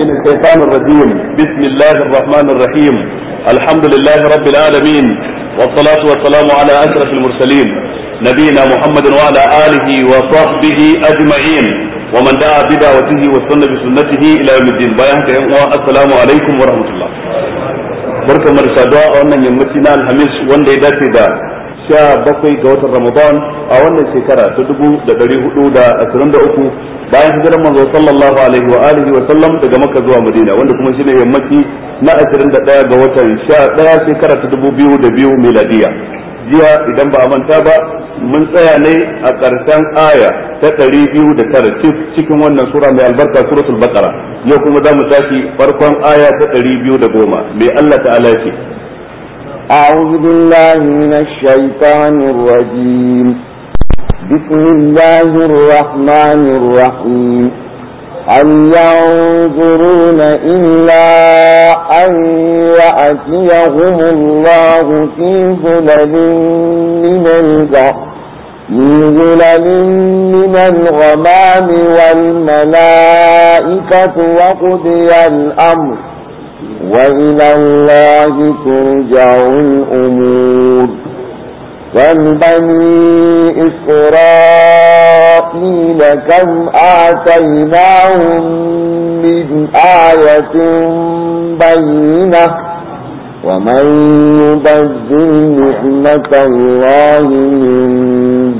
من الشيطان الرجيم بسم الله الرحمن الرحيم الحمد لله رب العالمين والصلاة والسلام على أشرف المرسلين نبينا محمد وعلى آله وصحبه أجمعين ومن دعا بدعوته والسنة بسنته إلى يوم الدين بيانك السلام عليكم ورحمة الله بركة مرشادة da يمتنا الحميش wannan yammaci na sha bakwai ga watan Ramadan a wannan shekara ta dubu da dari hudu da ashirin da uku bayan hijiran manzo sallallahu alaihi wa alihi wa sallam daga Makka zuwa Madina wanda kuma shine yammaci na ashirin da ɗaya ga watan sha ɗaya shekara ta dubu biyu da biyu miladiya jiya idan ba a manta ba mun tsaya ne a ƙarshen aya ta ɗari biyu da tara cikin wannan sura mai albarka suratul baqara yau kuma za mu tashi farkon aya ta ɗari biyu da goma mai Allah ta'ala ce أعوذ بالله من الشيطان الرجيم بسم الله الرحمن الرحيم هل ينظرون إلا أن يأتيهم الله في ظلل من من ظلل من الغمام والملائكة وقضي الأمر وإلى الله ترجع الأمور والبني إسرائيل كم آتيناهم من آية بينه ومن يبدل نعمة الله من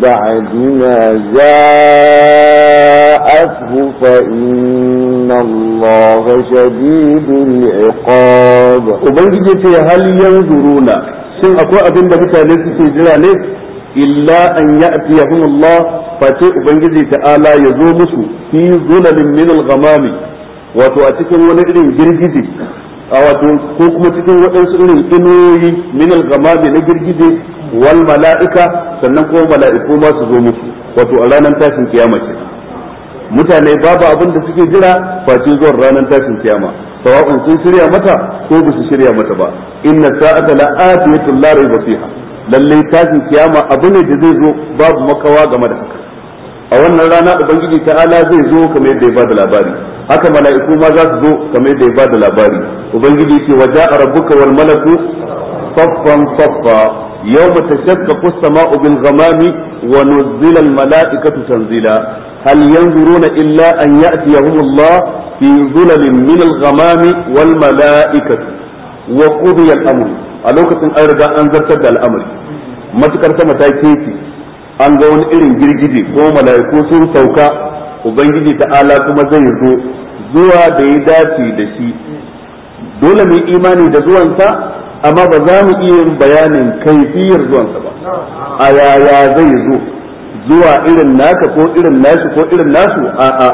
بعد ما جاءته فإن الله شديد العقاب وبنجي هل ينظرون shin akwai abin da mutane suke jira ne illa an ya'tiyahum Allah face ubangiji ta'ala ya zo musu fi zulalin min al-ghamami wato a cikin wani irin girgije a wato ko kuma cikin waɗansu irin inuyoyi min al na girgije wal mala'ika sannan kuma mala'iku ma su zo musu wato a ranar tashin kiyama ce mutane babu abin da suke jira face zuwan ranar tashin kiyama sawa'un sun shirya mata ko ba su shirya mata ba inna sa'ata atiyatu la rayba fiha lalle tashin kiyama abu ne da zai zo babu makawa game da haka a wannan rana ubangiji ta'ala zai zo kamar yadda ya ba da labari haka mala'iku ma za su zo kamar da ya ba da labari ubangiji ce wajen a rabbuka wal malaku saffan saffa yawma tashaqqaqu as-sama'u bil ghamami wa nuzila al mala'ikatu tanzila hal yanzuruna illa an ya'tiyahum Allah fi zulalin min al ghamami wal mala'ikatu wa qudiya al amr a lokacin an riga an zartar da al'amari matukar sama ta keke an ga wani irin girgije ko mala'iku sun sauka ubangiji ta'ala kuma zai zo zuwa da ya dace da shi dole mu imani da zuwansa amma ba za mu iya yin bayanin kaifiyar zuwansa ba a yaya zai zo zuwa irin naka ko irin nashi ko irin nasu a'a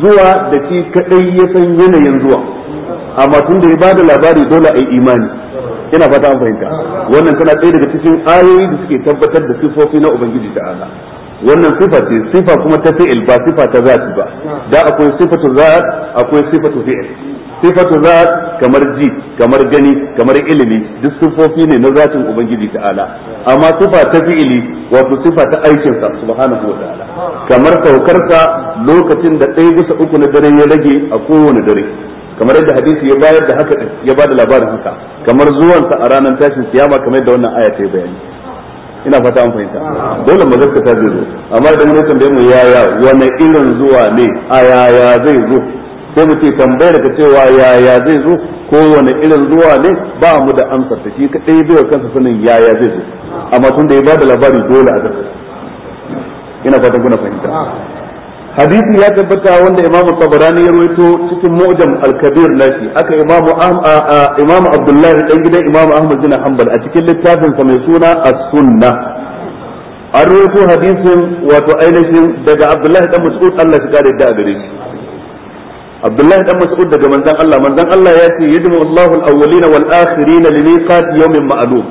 zuwa da shi kadai ya san yanayin zuwa amma tun da ya bada labari dole a yi imani ina fata an fahimta wannan tana ɗaya daga cikin ayoyi da suke tabbatar da sifofi na ubangiji ta'ala wannan sifa ce sifa kuma ta fi'il ba sifa ta zati ba da akwai sifatu zat akwai sifatu fi'il sifatu zat kamar ji kamar gani kamar ilimi duk sifofi ne na zatin ubangiji ta'ala amma sifa ta fi'ili wato sifa ta aikin sa subhanahu wa ta'ala kamar saukarsa lokacin da ɗaya bisa uku na dare ya rage a kowane dare kamar yadda hadisi ya bayar da haka ya bada labarin haka kamar zuwansa a ranar tashin siyama kamar yadda wannan aya ta bayani ina fata an fahimta dole mazarka ta zai zo amma idan mun tambaye mu yaya wani irin zuwa ne a yaya zai zo sai mu ce tambayar ka cewa yaya zai zo ko wani irin zuwa ne ba mu da amsa ta shi kadai bai kansa sanin yaya zai zo amma tun da ya bada labari dole a zaka ina fata kuna fahimta hadisi ya tabbata wanda imamu tabarani ya rawaito cikin mu'jam al-kabir nashi aka imamu imamu abdullahi dan gidan imamu ahmad bin hanbal a cikin littafin sa mai suna as-sunnah an rawaito hadisin wato ainihin daga abdullahi dan mas'ud Allah ya kare da gare shi abdullahi dan mas'ud daga manzon Allah manzon Allah ya ce yajmu Allahu al-awwalina wal-akhirin li miqat yawmin ma'lum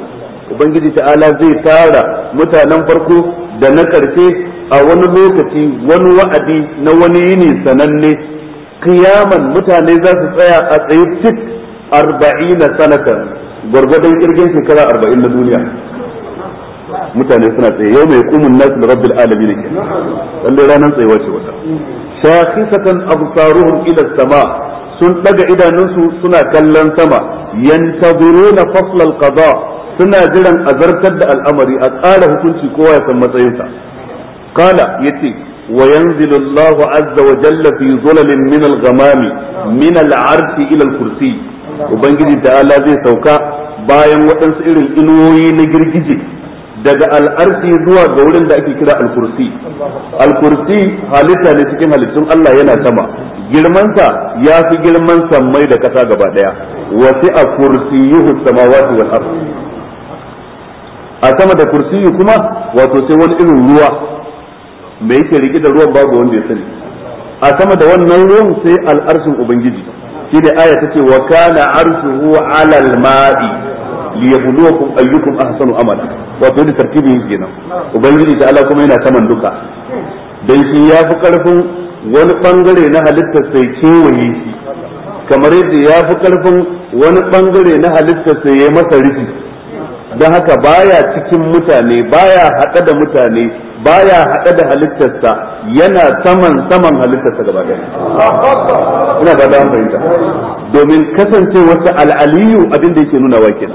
ubangiji ta'ala zai tara mutanen farko da na karfe a wani lokaci wani wa'adi na wani yini sananne kiyaman mutane za su tsaya a tsaye cik arba'ina sanatan gwargwadon kirgin shekara arba'in na duniya mutane suna tsaye yau mai kumun nasu da rabbil alamin ke lalle ranar tsaye wace wata shakhisatan absaruhum ila sama sun daga idanunsu suna kallon sama yantazuruna na faslal kaza suna jiran azartar da al'amari a tsara hukunci kowa ya san matsayinsa قال يتي wa الله عز وجل wa ظلل fi الغمام من العرش الى الكرسي وبنجي تعالى زي سوكا kursi ubangiji Allah zai sauka bayan waɗansu irin inuwoyi na girgije daga al'arci zuwa ga wurin da ake kira al-kursi al-kursi halitta ne cikin halittun Allah yana sama girmansa ya fi girman mai da kasa gaba daya wasi a yuhu samawati wal ardh a sama da kursi kuma wato sai wani irin ruwa me yake rike da ruwan babu wanda ya sani a sama da wannan ruwan sai al'arshin ubangiji da aya tace wa kana arshuhu alal ma'i yabluwakum ayyukum ahsanu amala wato da tartibi yake nan ubangiji ta Allah kuma yana saman duka dan shi ya fi karfin wani bangare na halitta sai kewaye shi kamar yadda ya fi karfin wani bangare na halitta sai ya masa rufi don haka baya cikin mutane baya haɗa da mutane baya hada da halittarsa yana saman saman halittarsa gaba ɗaya ina ba da fahimta domin kasancewarsa al'aliyu abin da yake nuna wake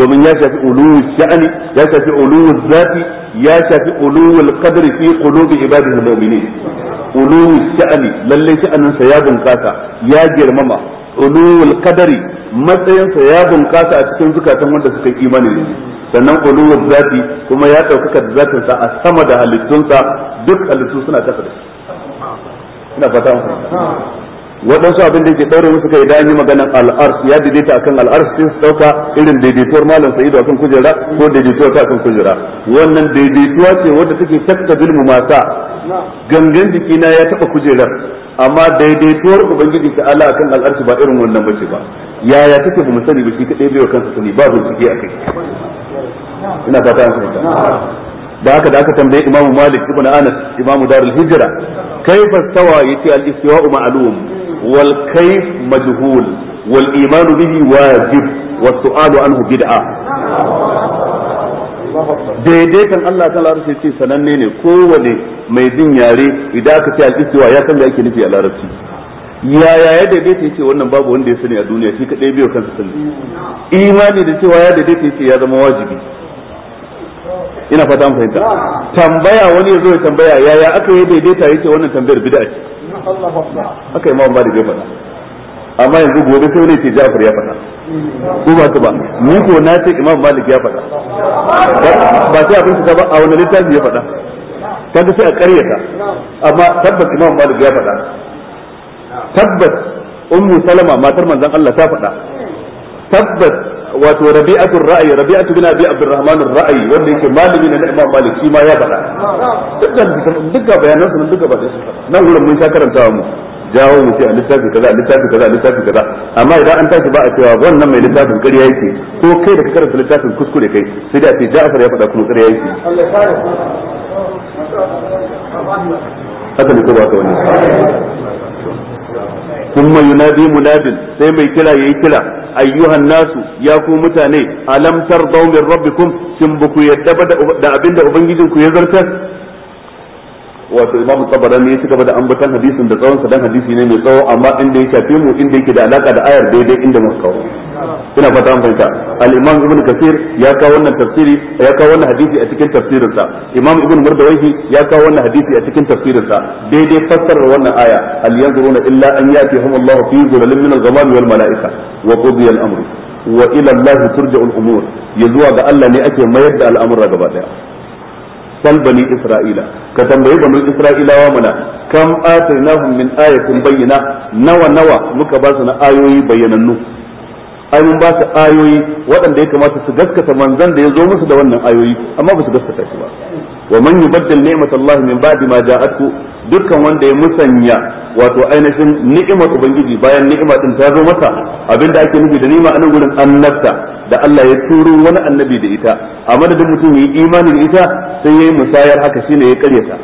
domin ya shafi uluwul sha'ani ya shafi uluwul zati ya shafi uluwul qadri fi qulubi al mu'minin uluwul sha'ani lalle sa ya bunkasa ya girmama uluwul qadri matsayinsa ya bunkasa a cikin zukatan wanda suka yi imani sannan kuluwar zafi kuma ya ɗaukaka da zatin sa a sama da halittunsa duk halittu suna kasa da ina fata mu waɗansu abin da ke ɗaure musu kai idan yi magana al'ars ya daidaita akan al'ars sai su ɗauka irin daidaituwar malam sa'idu akan kujera ko daidaituwar ta akan kujera wannan daidaituwa ce wadda take takta bilmu mata gangan jiki na ya taɓa kujerar amma daidaituwar ubangiji ta ala akan al'ars ba irin wannan bace ba yaya take ba mu sani ba shi kaɗai bai wa kansa sani ba bincike a kai ina ta an fahimta da haka da aka tambaye imamu malik ibn anas imamu darul hijra kaifa stawa yace al istiwa'u ma'lum wal kayf majhul wal iman bihi wajib was su'al anhu bid'a daidaitan Allah ta larabci ce sananne ne kowane mai jin yare idan aka ce al-istiwa ya san da ake nufi a larabci yaya ya daidaita ya ce wannan babu wanda ya sani a duniya shi kadai biyo kansa sani imani da cewa ya daidaita ya ce ya zama wajibi ina fata mu fahimta tambaya wani ya zo ya tambaya yaya aka yi daidaita yake wannan tambayar bid'a ce haka imam malik ya faɗa amma yanzu gobe sai wani ce Ja'far ya faɗa ko ba ka ba ni ko na ce imam malik ya faɗa ba sai abin ka ba a wani littafi ya faɗa kaga sai a ƙaryata amma tabbas imam malik ya faɗa tabbas ummu salama matar manzon Allah ta faɗa tabbas wato rabi'atul ra'ayi rabi'atu bin abi abdurrahman ar-ra'ayi wanda yake malami na imam malik shi ma ya faɗa dukkan dukkan bayanan sun dukkan ba da nan gurin mun ta karanta mu jawo mu ce a kaza littafi kaza littafi kaza amma idan an tashi ba a cewa wannan mai littafin ƙarya yake ko kai da ka karanta littafin kuskure kai sai da ce Ja'far ya faɗa kuma ƙarya yake haka ne ko ba ta wani thumma yunadi munadin sai mai kira yi kira ayyuhan nasu ya ku mutane alam tardau min rabbikum shin ba ku yadda da abinda ku ya zartar wato imamu tabarani ya ci gaba da ambatan hadisin da tsawon dan hadisi ne mai tsawo amma inda ya shafe mu inda yake da alaka da ayar daidai inda muka kawo ina fata an fahimta al-imam ibnu kasir ya kawo wannan tafsiri ya kawo wannan hadisi a cikin tafsirin sa imam ibnu murdawaihi ya kawo wannan hadisi a cikin tafsirin sa daidai fassarar wannan aya al yanzuruna illa an yatihum Allah fi zulalin min al-ghamam wal mala'ika wa qudiya al-amru wa ila Allah turja'u al-umur yazuwa ga Allah ne ake mayar da al'amura gaba daya sal bani isra'ila ka tambayi bani isra'ilawa mana kam atainahum min ayatin bayyana nawa nawa muka ba su na ayoyi bayyanannu ai mun ba su ayoyi waɗanda ya kamata su gaskata manzon da ya zo musu da wannan ayoyi amma ba su gaskata shi ba wa man yubaddil ni'matallahi min ba'di ma ja'atku dukkan wanda ya musanya wato ainihin ni'imar ubangiji bayan ni'ima din ta zo masa da ake nufi da ni'ima anan gurin annabta da Allah ya turo wani annabi da ita a madadin mutum yayi imani da ita sai yayi musayar haka shine ya karyata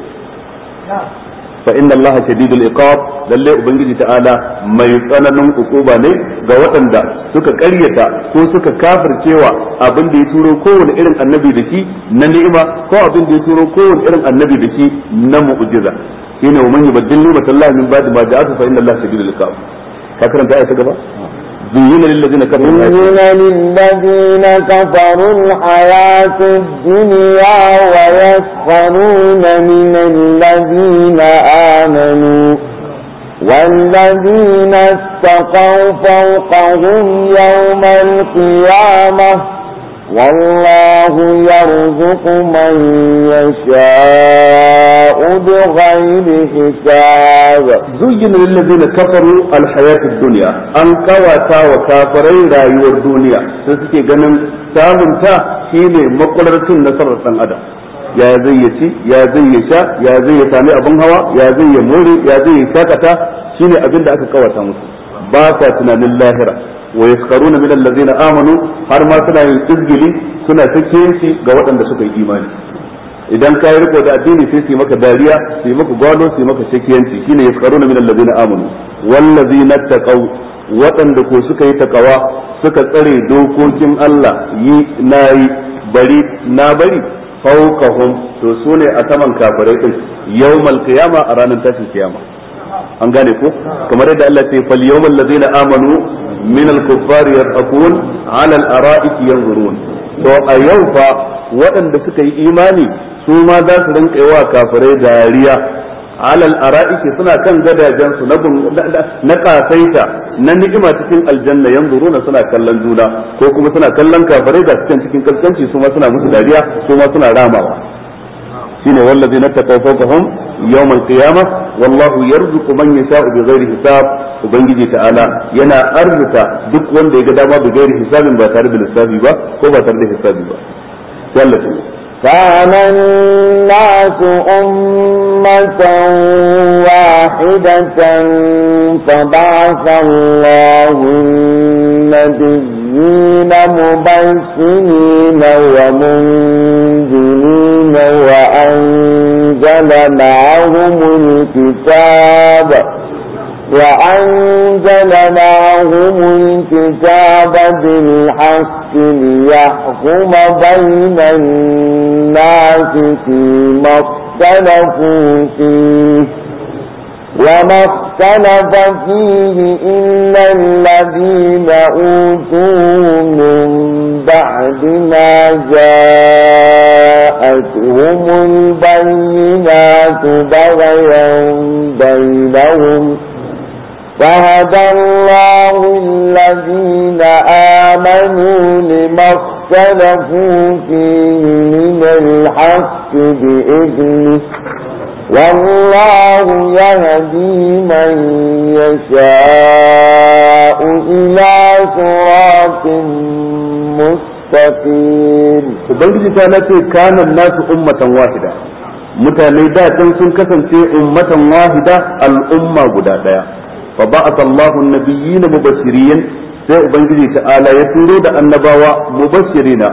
fa inna allaha shadidul iqab lalle ubangiji ta'ala mai tsananin ukuba ne ga waɗanda suka karyata ko suka kafircewa abin da ya turo kowane irin annabi da shi na ni'ima ko abin da ya turo kowane irin annabi da shi na mu'jiza shine wa man yubaddil ni'matallahi min ba'di ma ja'atu fa inna allaha shadidul iqab ka karanta ayata gaba زين للذين كفروا زين للذين كفروا الحياة الدنيا ويسخرون من الذين آمنوا والذين اتقوا فوقهم يوم القيامة والله يرزق من يشاء بغير حساب زين للذين كفروا الحياة الدنيا أن كواتا وكافري ta الدنيا سنسكي جنن سامنتا شيني مقررة نصر أدم ya zai ya ci ya zai ya sha ya zai ya sami abin hawa ya zai ya more ya zai ya shakata shine abin da aka kawata musu ba sa tunanin lahira wa yaskaruna min amanu har ma suna yin izgili suna sakiyanci ga waɗanda suka yi imani idan ka yi riko da addini sai su maka dariya su maka gwalo su maka sakiyanci shine yaskaruna min allazina amanu wallazina taqaw waɗanda ko suka yi takawa suka tsare dokokin Allah yi nayi bari na bari fawqahum to sune a saman kafirai din yawmal qiyama a ranar tashin kiyama an gane ko kamar yadda Allah ce fal yawmal ladzina amanu Minal al-kuffar yadhakun ala al-ara'ik to a yau fa waɗanda suka yi imani su ma za su rinka yi wa kafirai dariya alal ara'iki suna kan gadajen na kasaita na ni'ima cikin aljanna yanzuruna suna kallon juna ko kuma suna kallon kafirai da cikin cikin kaskanci su ma suna musu dariya su ma suna ramawa shine wallazina taqawfahum يوم القيامة والله يرزق من يشاء بغير حساب ubangiji ta'ala yana arzika duk wanda ya ga dama da gairi hisabin ba tare da lissafi ba ko ba tare da hisabi ba wallahi كان الناس أمة واحدة فبعث الله النبيين مبشرين ومنذرين وأنزل معهم الكتاب وأنزل معهم الكتاب بالحق ليحكم بين الناس فيما اختلفوا فيه وما اختلف فيه إلا الذين أوتوا من بعد ما جاءتهم البينات بغيا بينهم فهدى الله الذين آمنوا لما اختلفوا فيه من الحق بإذنه والله يهدي من يشاء إلى صراط مستقيم وبنجي تعالى كان الناس أمة واحدة متى da sun kasance ummatan wahida al'umma guda ɗaya fa ba'atha Allahu an-nabiyyin mubashirin sai ubangiji ta'ala ya turo da annabawa mubashirina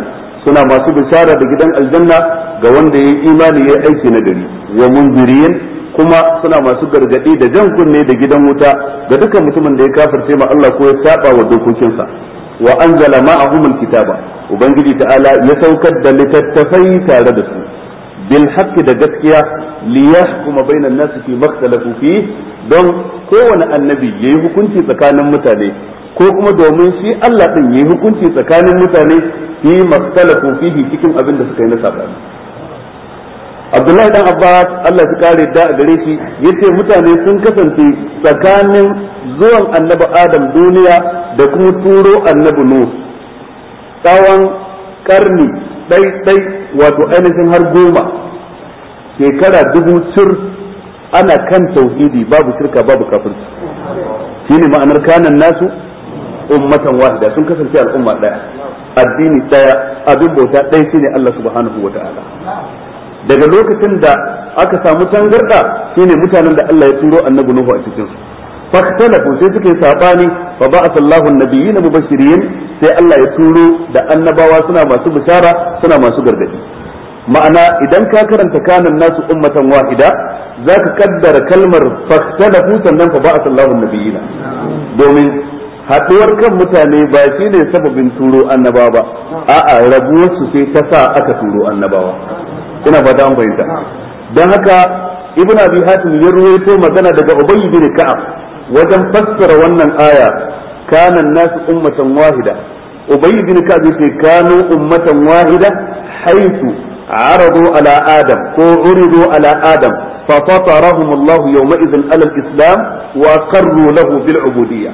suna masu bishara da gidan aljanna ga wanda ya yi imani ya aiki na gari wa munzirin kuma suna masu gargadi da jan kunne da gidan wuta ga dukkan mutumin da ya kafirce ma Allah ko ya saba wa dokokinsa wa anzala ma'ahum alkitaba ubangiji ta'ala ya saukar da littattafai tare da su bil haqqi da gaskiya li yahkuma baina nasu fi makhtalafu fi don kowane annabi yayi hukunci tsakanin mutane ko kuma domin shi Allah din yayi hukunci tsakanin mutane fi makhtalafu fi cikin abin da suka yi na sabani Abdullahi dan Abbas Allah ya kare da a gare shi yace mutane sun kasance tsakanin zuwan annabi Adam duniya da kuma turo annabi Nuh tsawon karni ɗai ɗai wato ainihin har goma shekara dubu sir ana kan tauhidi babu shirka babu kafirci shine ma'anar kanan nasu ummatan wahida sun kasance al'umma daya addini ɗaya abin bauta shi shine Allah subhanahu Ta'ala. daga lokacin da aka samu tangarda shine mutanen da Allah ya turo annabi Nuhu a cikin fahtalafu sai suka yi sabani fa ba'atha Allahu an-nabiyina mubashirin sai Allah ya turo da annabawa suna masu bishara suna masu gargadi ma'ana idan ka karanta kanan nasu ummatan wahida zaka kaddara kalmar fahtalafu sannan fa ba'atha Allahu an-nabiyina domin haɗuwar kan mutane ba shi ne sababin turo annabawa ba a'a rabuwar su sai ta sa aka turo annabawa ina fata an fahimta dan haka ibn abi hatim ya ruwaito magana daga ubayy bin ka'ab wajen fassara wannan aya kanan nasu ummatan wahida ubay bin ka'ab yace kanu ummatan wahida haythu aradu ala adam ko uridu ala adam fa fatarahum Allah yawma idhin al-islam wa qarru lahu bil ubudiyya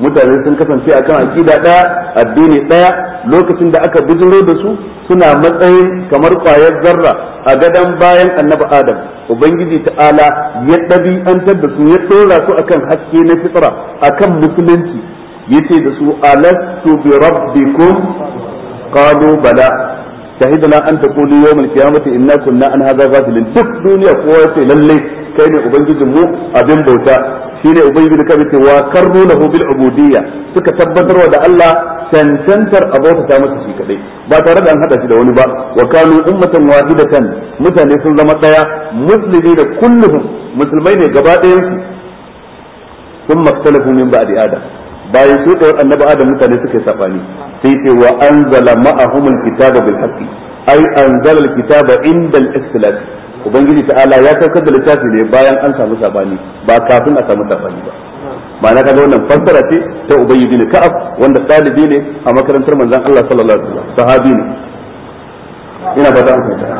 mutane sun kasance a akan akida ɗaya addini ɗaya lokacin da aka bijiro da su suna matsayin kamar kwayar zarra a gadon bayan annabi adam ubangiji ta'ala ya ɗabi'antar da su ya ɗora su akan haske na fitra akan musulunci yace da su alastu bi rabbikum qalu bala shahidna an taqulu yawm qiyamati inna kunna an hadha ghafilin duk duniya kowa ce lallai kai ne ubangijin mu abin bauta shine ubangiji kabi ce wa karnu lahu bil ubudiyya suka tabbatarwa da Allah cancantar abota ta masa shi kadai ba tare da an hada shi da wani ba wa kanu ummatan wahidatan mutane sun zama daya muslimi da kulluhum musulmai ne gaba ɗayan su sun maktalafu min ba'di adam bayan su da annabi adam mutane suka sabani sai ce wa anzala ma'ahum alkitaba bil haqqi ay anzala alkitaba inda al-ikhtilaf ubangiji ta'ala ya saukar da littafi ne bayan an samu sabani ba kafin a samu sabani ba ma'ana kaga wannan fassara ce ta ubayyi bin ka'ab wanda dalibi ne a makarantar manzon Allah sallallahu alaihi wasallam sahabi ne ina fata an fahimta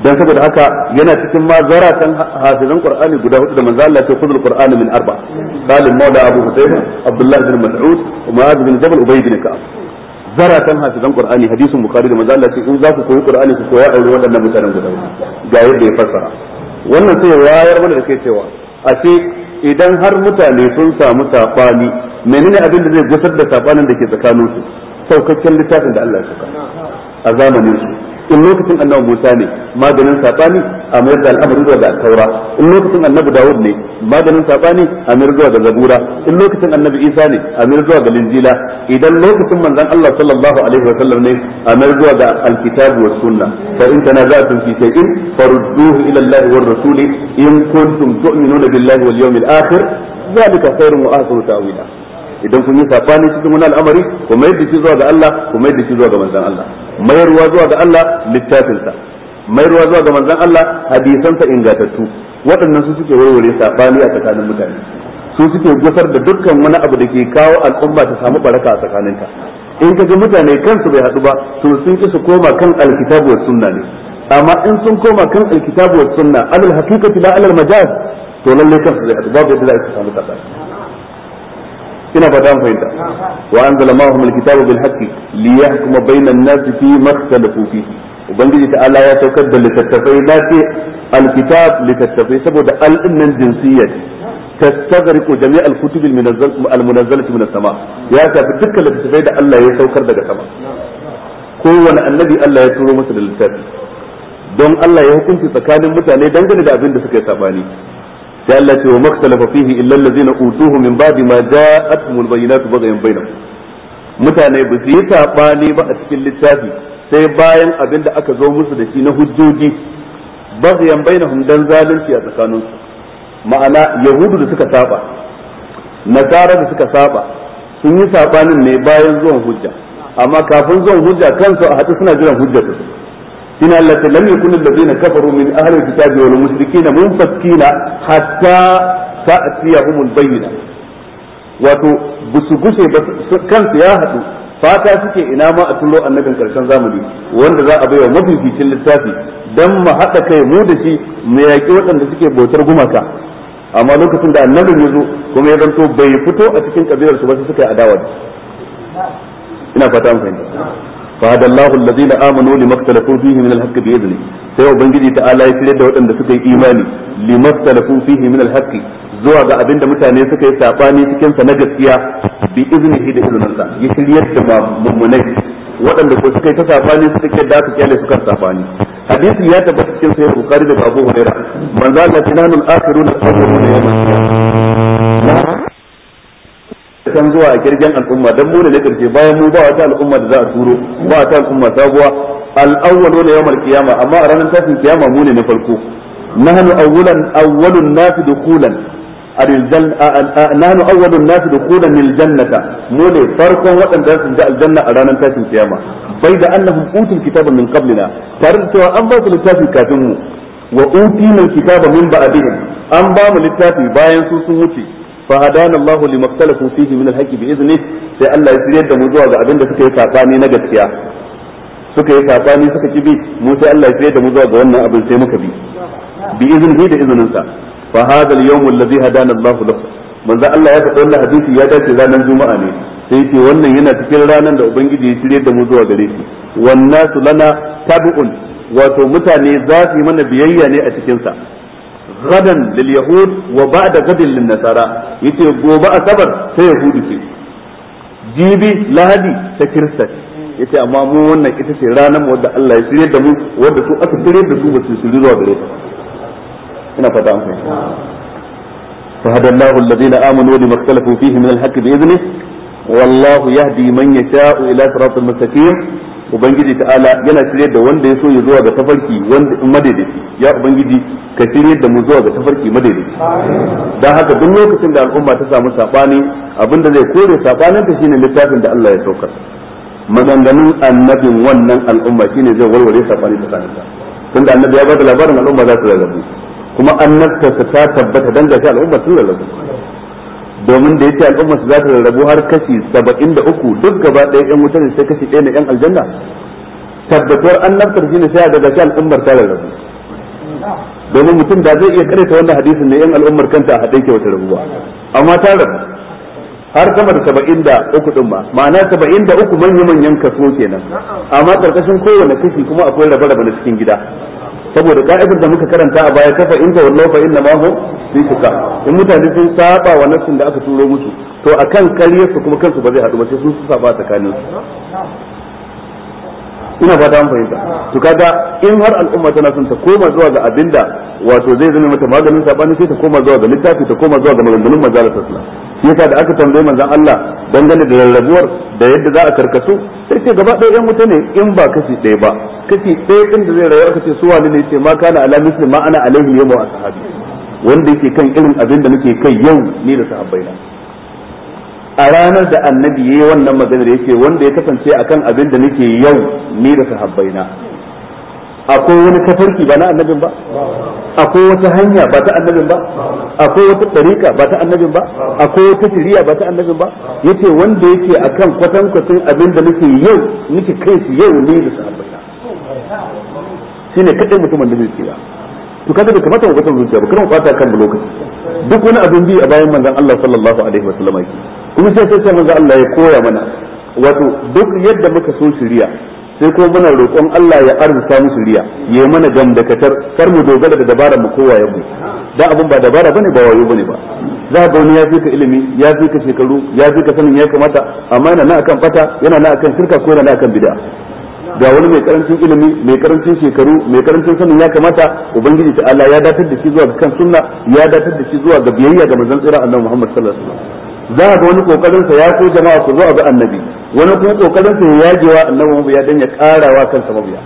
dan saboda haka yana cikin ma zaratan hafizan qur'ani guda hudu da manzo Allah ya kudul qur'ani min arba salim maula abu hudayma abdullah bin mas'ud umar bin jabal ubayy bin ka'ab zara zaratan hafizan qur'ani hadisin bukhari da manzo Allah in za ku koyi qur'ani ku koya aure waɗannan mutanen guda ga yadda ya fasara wannan sai wayar mana da kai cewa a ce idan har mutane sun samu sabani menene abin da zai gusar da sabanin da ke tsakaninsu saukakken littafin da Allah ya saka a zamanin su in lokacin annabi Musa ne maganin sabani a mayar da al'amarin zuwa ga taura in lokacin annabi Dawud ne maganin sabani a mayar zuwa ga zabura in lokacin annabi Isa ne a mayar zuwa ga linjila idan lokacin manzon Allah sallallahu alaihi wa sallam ne a mayar zuwa ga alkitab wa sunna fa in tanaza'tum fi shay'in farudduhu ila Allah wa rasul in kuntum tu'minuna billahi wal yawmil akhir ذلك خير وأحسن تأويلا idan kun yi safani cikin wani al'amari ku mayar da shi zuwa ga Allah ku mayar da shi zuwa ga manzon Allah mayarwa zuwa ga Allah littafinsa mayarwa zuwa ga manzon Allah hadisansa ingantattu. waɗannan su suke warware safani a tsakanin mutane su suke gusar da dukkan wani abu da ke kawo al'umma ta samu baraka a ta in ka ga mutane kansu bai haɗu ba to sun ki su koma kan alkitabu wa sunna ne amma in sun koma kan alkitabu wa sunna alal haqiqati la alal majaz to lalle kansu zai haɗu babu da za samu tsakanin. ina ba ta fahimta wa an zalama wa mulki liya kuma bainan na fi maka ubangiji ta Allah ya saukar da littattafai na alkitab littattafai saboda al'innan jinsiyya ne tattazari ko jami'a alkutubi almunazzalat min sama ya tafi dukkan littattafai da Allah ya saukar daga sama kowane annabi Allah ya turo masa da littafi don Allah ya hukunta tsakanin mutane dangane da abin da suka yi sai Allah ce wa maktalafa fihi illa allazina utuhu min ba'di ma ja'atuhumul bayyinatu baghyan bainahum mutane ba su yi sabani ba a cikin littafi sai bayan abin da aka zo musu da shi na hujjoji baghyan bainahum dan zalunci a tsakaninsu ma'ana yahudu da suka saba nasara da suka saba sun yi sabanin ne bayan zuwan hujja amma kafin zuwan hujja kansu a haɗu suna jiran hujjar su إن التي لم يكن الذين كفروا من أهل الكتاب والمشركين منفكين حتى تأتيهم البينة wato busu gushe ba kansu ya haɗu fata suke ina ma a tullo annabin karshen zamani wanda za a baiwa mafificin littafi dan mu haɗa kai mu da shi mu yaƙi waɗanda suke bautar gumaka amma lokacin da annabin ya zo kuma ya zanto bai fito a cikin kabilar su ba su suka yi adawa ina fata an fahimta فهذا الله الذين امنوا لما اختلفوا فيه من الحق باذنه sai ubangiji ta ala ya shirye da waɗanda suka yi imani lima ikhtalafu fihi min alhaqi zuwa ga abinda mutane suka yi sabani cikin sa na gaskiya bi iznihi da iznin sa ya shirye da mummunai waɗanda ko suka yi ta sabani suka da su kyale suka sabani hadisi ya tabbata cikin sahih bukhari da abu hurairah manzo Allah tinanul akhirun al kan zuwa a kirgin al'umma dan mu ne karfe bayan mu ba wata al'umma da za a turo ba wata al'umma sabuwa al-awwalu na yawmal qiyama amma a ranar tashin kiyama mu ne na farko nahnu awwalan awwalun nas dukulan nahnu awwalun nas dukulan lil jannata mu ne farkon waɗanda sun ji aljanna a ranar tashin kiyama bai da annahum utul kitaba min qablina tare da cewa an ba su littafin kafin mu wa utina kitaba min ba'dihim an ba mu littafi bayan su sun wuce fa hadana Allahu limaktalafu fihi min alhaqi bi izni sai Allah ya shirye da mu zuwa ga abin da suka yi sabani na gaskiya suka yi sabani suka ki bi mu sai Allah ya shirye da mu zuwa ga wannan abin sai muka bi bi iznihi da iznin sa fa hada al-yawm alladhi hadana Allahu lahu manzo Allah ya faɗa wannan hadisi ya dace ranar juma'a ne sai ce wannan yana cikin ranar da ubangiji ya shirye da mu zuwa gare shi su lana tabi'un wato mutane za su yi mana biyayya ne a cikin sa gadan lil yahud wa ba'da gadin lin nasara yace gobe asabar ta yahudu ce jibi lahadi ta kirista yace amma mu wannan ita ce ranar wanda Allah ya shirye da mu wadda su aka shirye da su ba su shirye zuwa gare ta ina fata an fahimta فهدى الله wallahu yahdi man yasha'u ila siratal mustaqim ubangiji ta'ala yana shirye da wanda ya so ya zuwa ga tafarki wanda madaidaici ya ubangiji ka shirye da mu zuwa ga tafarki madaidaici dan haka duk lokacin da al'umma ta samu sabani abinda zai kore sabanin ta shine littafin da Allah ya saukar maganganun annabin wannan al'umma shine zai warware sabani tsakanin ta tunda annabi ya bada labarin al'umma za su rarrabu kuma annabta ta tabbata dan gashi al'umma sun rarrabu domin da yace al'umma su za ta rarrabu har kashi 73 duk gaba ɗaya yan wutar sai kashi ɗaya na yan aljanna tabbatuwar annabtar shine sai daga shi al'ummar ta rarrabu domin mutum da zai iya karanta wannan hadisin ne yan al'ummar kanta a haɗe ke wata rabuwa amma ta rabu har kamar 73 saba'in da uku ba ma'ana saba'in da manyan kaso kenan amma karkashin kowane kashi kuma akwai rabe rabe na cikin gida saboda ka'idar da muka karanta a baya kafa in tawallau fa inna ma hum fi in mutane sun saba wa nassin da aka turo musu to akan ƙaryar su kuma kansu ba zai haɗu ba sai sun saba tsakanin su ina fata an fahimta to kaga in har al'umma tana son ta koma zuwa ga abinda wato zai zama mata maganin sabani sai ta koma zuwa ga littafi ta koma zuwa ga maganganun manzo Allah sallallahu alaihi yasa da aka tambaye manzon Allah dangane da rarrabuwar da yadda za a karkasu sai ce gaba ɗaya yan wuta ne in ba kashi ɗaya ba kashi ɗaya din da zai rayu aka ce su wani ne ce ma kana ala muslim ma ana alaihi yawma ashabi wanda yake kan irin abinda da nake kai yau ni da sahabbaina a ranar da annabi yayi wannan maganar yake wanda ya kasance akan abin da nake yau ni da sahabbaina akwai wani kafarki ba na annabin ba akwai wata hanya ba ta annabin ba akwai wata tsarika ba ta annabin ba akwai wata shiriya ba ta annabin ba yace wanda yake akan kwatankwacin abin da nake yau nake kai shi yau ni da sahabbaina shine kadai mutumin da zai tsira to kaga da kamata mu batun zuciya ba kuma kwata kan lokaci duk wani abin bi a bayan manzon Allah sallallahu alaihi wasallam yake in sai sai manzo Allah ya koya mana wato duk yadda muka so shirya sai kuma muna roƙon Allah ya arzuta mu shirya yayi mana gamdakatar kar mu dogara da dabara mu kowa ya mu da abun ba dabara bane ba wayo bane ba za ga wani ya fi ka ilimi ya fi ka shekaru ya fi ka sanin ya kamata amma yana na akan fata yana na akan shirka ko yana na akan bid'a ga wani mai karancin ilimi mai karancin shekaru mai karancin sanin ya kamata ubangiji ta Allah ya datar da shi zuwa ga kan sunna ya datar da shi zuwa ga biyayya ga manzon tsira Allah Muhammad sallallahu alaihi wasallam za ga wani kokarin sa ya ko jama'a su zo a ga annabi wani kuma kokarin sa ya wa annabi mabiya dan ya karawa kansa mabiya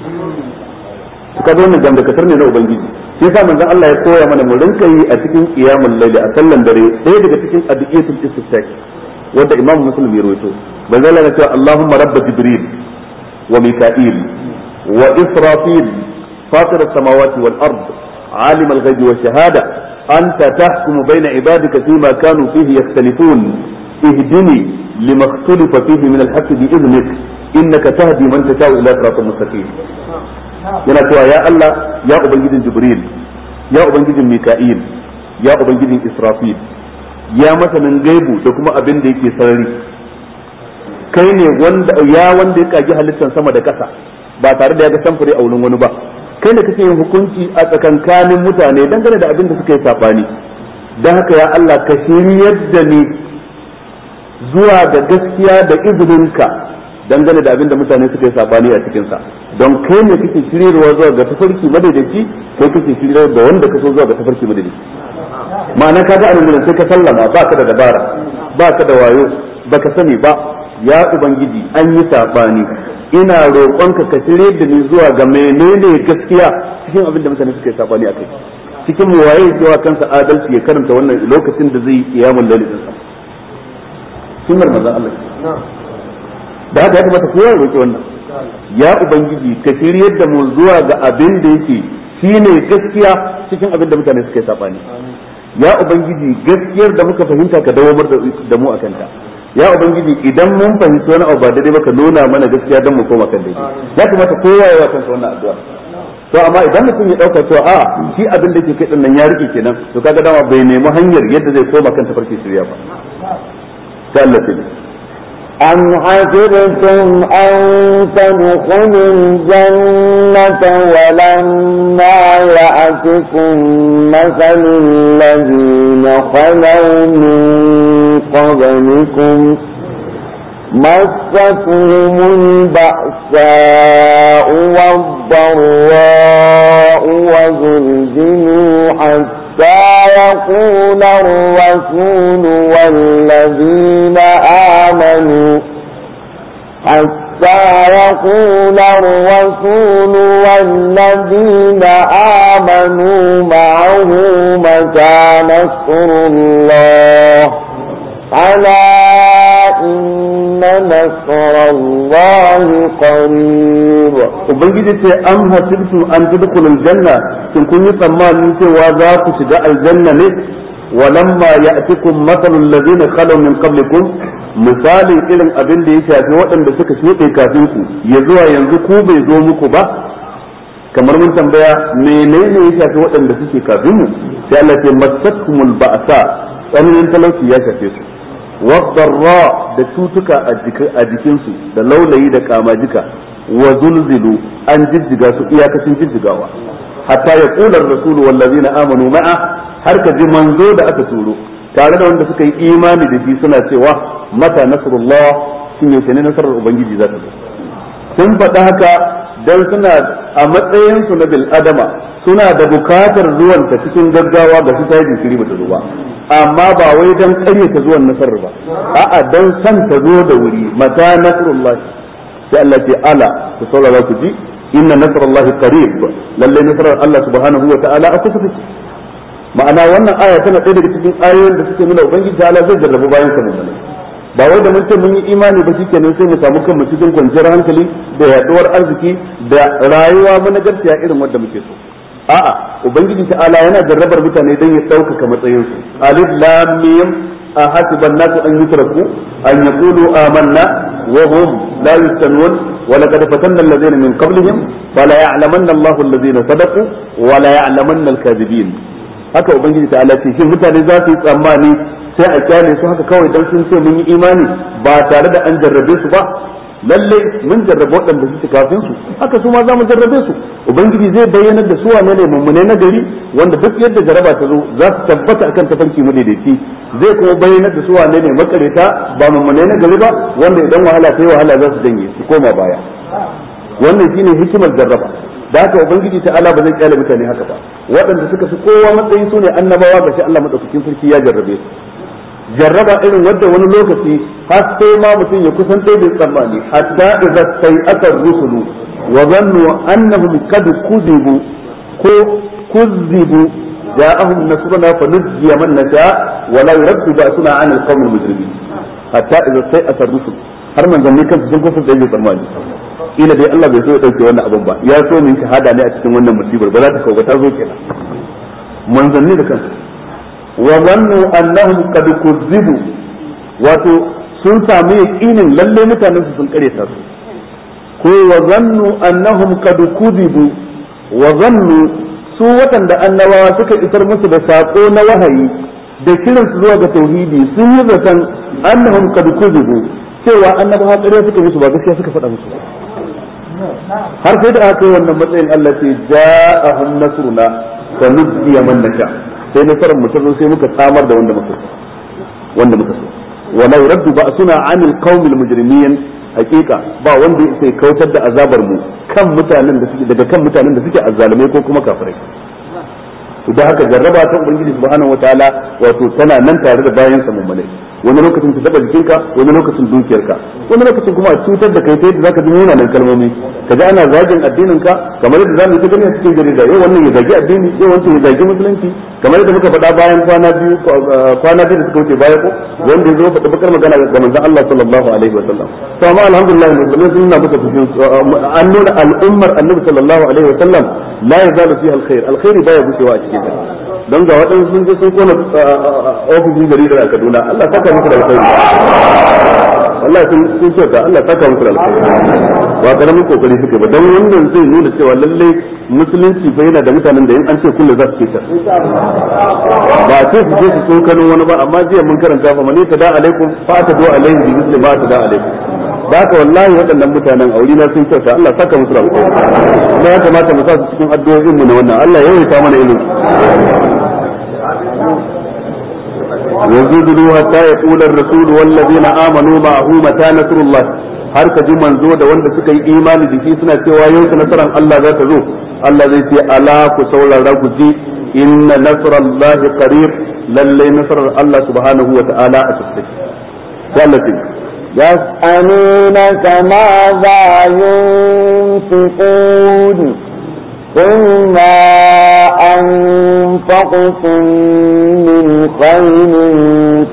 ka zo ne dangantakar ne na ubangiji sai sa manzon Allah ya koya mana mu rinka yi a cikin qiyamul layl a sallan dare ɗaya daga cikin adiyatul istisaq wanda imam muslim ya rawaito manzon Allah ya ce Allahumma rabb jibril wa mika'il wa israfil fatir as-samawati wal ard alim al-ghaibi wa shahada anta tahkumu baina ibadika fima kanu fihi yaktalifun ihdini lima ikhtalafa fihi min al-haqq bi idnik yana cewa ya Allah ya ubangijin jibril ya ubangijin mika'il ya ubangijin israfil ya masanin gaibu da kuma abin da yake sarari kai ne wanda ya wanda ya kage halittar sama da ƙasa ba tare da ya ga samfure a wurin wani ba kai da kake yin hukunci a tsakankanin mutane dangane da abin da suka yi sabani don haka ya Allah ka shiryar da ni zuwa ga gaskiya da izininka dangane da abin da mutane suka yi sabani a sa don kai ne kake shiryarwa zuwa ga tafarki madadaci kai kake shiryarwa da wanda ka so zuwa ga tafarki madadaci ma'ana ka ga annabi sai ka sallama ba ka da dabara ba ka da wayo ba ka sani ba ya ubangiji an yi sabani ina roƙonka ka cire da ni zuwa ga menene gaskiya cikin abin da mutane suke sabani akai cikin mu waye zuwa kansa adalci ya karanta wannan lokacin da zai kiyamul lail din sa mar maza Allah da haka ya kamata kowa ya roƙi wannan ya ubangiji ka shiryar da mu zuwa ga abin da yake shine gaskiya cikin abin da mutane suke sabani ya ubangiji gaskiyar da muka fahimta ka dawo da mu ta ya ubangiji idan mun fahimci wani abu ba daidai ba ka nuna mana gaskiya don mu koma kan daidai ya kamata kowa ya kansa wannan addu'a to amma idan mutum ya dauka to a ah, shi abin da ke kai din nan ya rike kenan to kaga dama bai nemi hanyar yadda zai koma kan tafarki shirya ba ta Allah أم حسبتم أن تدخلوا الجنة ولما يأتكم مثل الذين خلوا من قبلكم مستهم البأساء والضراء وزلزلوا حتى حتى يكون الرسول والذين آمنوا حتى يقول الرسول والذين آمنوا معه متى نصر الله ألا إن نصر الله قريب ubangiji ce an hasibtu an tadkhulu aljanna kun yi tsammanin cewa za ku shiga aljanna ne walamma ya'tikum mathalu alladhina khalu min qablikum misalin irin abin da ya shafi waɗanda suka shuɗe kafin ku ya zuwa yanzu ku bai zo muku ba kamar mun tambaya menene ya shafi waɗanda suke kafin mu sai Allah ya massatkumul ba'sa tsananin talauci ya shafe su wadarra da cutuka a jikinsu da laulayi da kamajika wa zulzilu an jijjiga su iyakacin jijjigawa hatta ya kula rasulu wallazina amanu ma'a har ka ji manzo da aka turo tare da wanda suka yi imani da shi suna cewa mata nasrullah shin yaushe ne nasarar ubangiji za ta zo sun faɗa haka dan suna a matsayinsu na bil adama suna da bukatar zuwan ta cikin gaggawa ga su sai jinkiri bata zo ba amma ba wai dan kare ta zuwan nasarar ba a'a dan san ta zo da wuri mata nasrullah sai Allah ce ala ku saurara ku ji inna nasrullah qarib lalle nasrar Allah subhanahu wa ta'ala a kusa take ma'ana wannan aya tana ɗaya daga cikin ayoyin da suke nuna ubangiji ta'ala zai jarrabu bayan sa mu'minin ba wai da mun ce mun yi imani ba shi kenan sai mu samu kanmu cikin kwanciyar hankali da yaduwar arziki da rayuwa mu na managarciya irin wadda muke so a'a ubangiji ta'ala yana jarrabar mutane don ya saukaka matsayinsu alif lam mim a hasiban nasu an yutraku an yaqulu amanna wa hum la yastanun wa laqad fatanna alladhina min qablihim fala ya'lamanna allahu alladhina sadaqu wa la ya'lamanna alkadhibin haka ubangiji ta'ala ce shin mutane za su yi tsammani sai a kyale su haka kawai dan sun ce mun yi imani ba tare da an jarrabe su ba lallai mun jarraba waɗanda suke kafin su haka su ma za mu jarrabe su ubangiji zai bayyanar da su wane ne mummune na gari wanda duk yadda jaraba ta zo za su tabbata akan tafarki daidaiti zai kuma bayyanar da su wane ne makareta ba mummune na gari ba wanda idan wahala ta yi wahala za su janye su koma baya wannan shine hikimar jarraba da haka ubangiji ta ala ba zai kyale mutane haka ba waɗanda suka fi kowa matsayin su ne annabawa gashi Allah madaukakin sarki ya jarrabe su jarraba irin wadda wani lokaci har sai ma mutum ya kusan da tsammani hatta idza sai'atar rusulu wa zannu annahum kad kuzibu ko kuzibu ja'ahum nasruna fa nujiya man nasha wa la yurdu ba'suna 'an alqawm qawm mujrimin hatta idza sai'atar rusulu har manzanni kansu sun kusa da tsammani ila dai Allah bai so ya dauke wannan abin ba ya so min hada ne a cikin wannan musibar ba za ta kawo ba ta zo kenan manzanni da kansu wa zannu annahum qad wato sun samu yaqinin lalle mutanen su sun kare su ko wa zannu annahum qad kuzibu wa zannu su wadanda annabawa suka isar musu da sako na wahayi da kiran su zuwa ga tauhidi sun yi zaton annahum qad kuzibu cewa annabawa kare suka musu ba gaskiya suka faɗa musu har sai da aka yi wannan matsayin Allah ce ja'ahum nasruna fa nuziya man sai nasarar mu tazo sai muka samar da wanda muka so wanda muka so wala yuraddu ba'suna 'anil qaumil mujrimin hakika ba wanda sai kautar da azabar mu kan mutanen da suke daga kan mutanen da suke azzalumai ko kuma kafirai da haka jarraba ta ubangiji subhanahu wataala wato tana nan tare da bayan sa mummalai wani lokacin ta taba jikinka wani lokacin dukiyarka wani lokacin kuma a cutar da kai ta yadda zaka ji munanan kalmomi ka ji ana zagin addinin ka kamar yadda zamu ta gani a cikin jarida yau eh, wannan ya zagi addini yau eh, wancan ya zagi musulunci kamar yadda muka faɗa bayan kwana biyu eh, kwana biyu da suka wuce baya ko wanda ya zo faɗa bakar magana ga manzon Allah sallallahu alaihi wasallam to amma alhamdulillah musulmai sun na muka cikin an nuna al'ummar annabi sallallahu alaihi wasallam la yazalu fiha alkhair alkhairi baya gushewa a cikin ta don ga waɗansu sun je sun kona ah, ofishin jaridar a Kaduna Allah saka musu da alkhairi Allah sun sun kyauta Allah saka musu da alkhairi ba ramin kokari suke ba don wannan zai nuna cewa lallai musulunci fa yana da mutanen da yin an ce kullu za su ce ba ce su je su tsokano wani ba amma jiya mun karanta fa mani ta da alaikum fa ta do alaihi bi muslima ta da alaikum ba ka wallahi waɗannan mutanen aure na sun kyauta Allah saka musu rabu kuma ya kamata mu sa su cikin addu'o'in mu na wannan Allah ya yawaita mana ilimin وزدوا حتى يقول الرسول والذين آمنوا معه متى نصر الله har ka ji manzo da wanda suka yi imani da shi suna cewa yau ka nasarar Allah za ta zo Allah zai ce ala ku saurara ku ji inna nasrallahi qarib lallai nasarar Allah subhanahu wa ta'ala a tafi يسألونك ماذا ينفقون قل ما أنفقتم من خير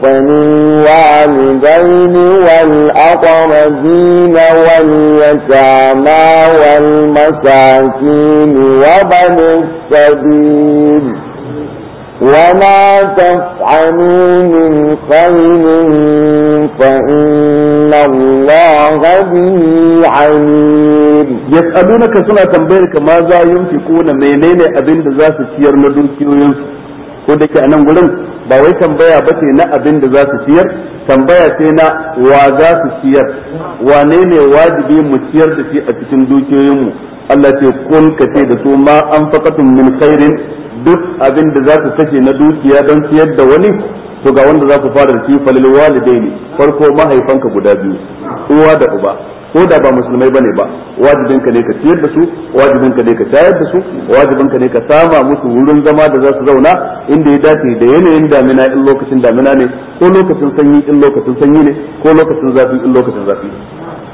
فللوالدين والأقربين واليتامى والمساكين وبن السبيل وما تفعلوا من خير فإن الله به عليم يسألونك سنة تنبيرك ماذا ينفقون منين أبين ذات سير ندوكي وينفق ko da ke a nan gurin ba wai tambaya ba ce na abin da za su siyar tambaya ce na wa za su siyar wane ne wajibi mu siyar da shi a cikin dukiyoyinmu Allah ce kun ka ce da su ma an faƙatun min khairin duk abin da za su sake na dukiya don siyar da wani to ga wanda za ku fara da shi falil walidaini farko mahaifanka guda biyu uwa da uba ko da ba musulmai bane ba wajibinka ne ka ciyar da su wajibinka ne ka tayar da su wajibinka ne ka sama musu wurin zama da za su zauna inda ya dace da yanayin damina in lokacin damina ne ko lokacin sanyi in lokacin sanyi ne ko lokacin zafi in lokacin zafi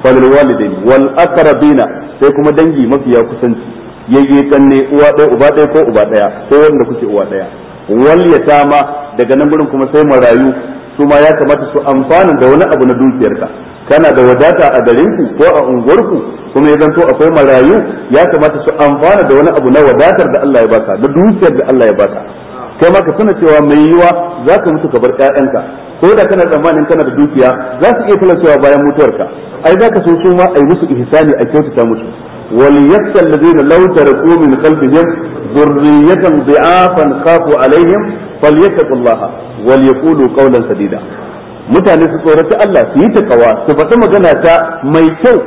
falil walidain wal aqrabina sai kuma dangi mafiya kusanci yayye kanne uwa ɗaya uba ɗaya ko uba ɗaya ko wanda kuke uwa ɗaya wal yatama daga nan gurin kuma sai marayu su ma ya kamata su amfana da wani abu na dukiyarka kana da wadata a garinku ko a unguwarku kuma ya zanto akwai marayu ya kamata su amfana da wani abu na wadatar da Allah ya baka da dukiyar da Allah ya baka kai ma ka tuna cewa mai yiwa za ka mutu ka bar ƴaƴanka ko da kana tsammanin kana da dukiya za su iya cewa bayan mutuwarka ai za ka so su ma yi musu ihsani a kyautata musu وليخشى الذين لو تركوا من خلفهم ذرية ضعافا خافوا عليهم فليتقوا الله وليقولوا قولا سديدا mutane su tsorata Allah su yi takawa su faɗi magana ta mai kyau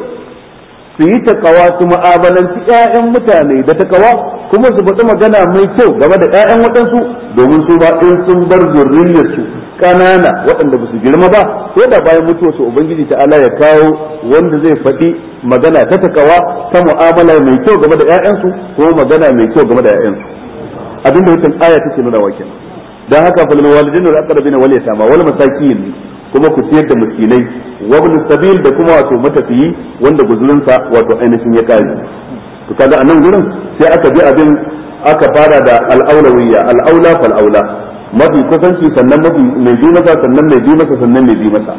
su yi takawa su mu'amalanci ƴaƴan mutane da takawa kuma su faɗi magana mai kyau game da ƴaƴan waɗansu domin su ba in sun bar zurriyarsu kanana waɗanda ba su girma ba sai da bayan mutuwa su ubangiji ta ala ya kawo wanda zai faɗi magana ta takawa ta mu'amala mai kyau game da ƴaƴansu ko magana mai kyau game da ƴaƴansu abin da wannan aya take nuna wa dan haka fal walidin wal aqrabina wal yatama wal masakin kuma ku siyar da miskinai wa ibn sabil da kuma wato matafiyi wanda guzurinsa wato ainihin ya kare to kaga anan gurin sai aka bi abin aka fara da al-aulawiyya al-aula fal-aula mafi kusanci sannan mafi mai bi masa sannan mai bi masa sannan mai bi masa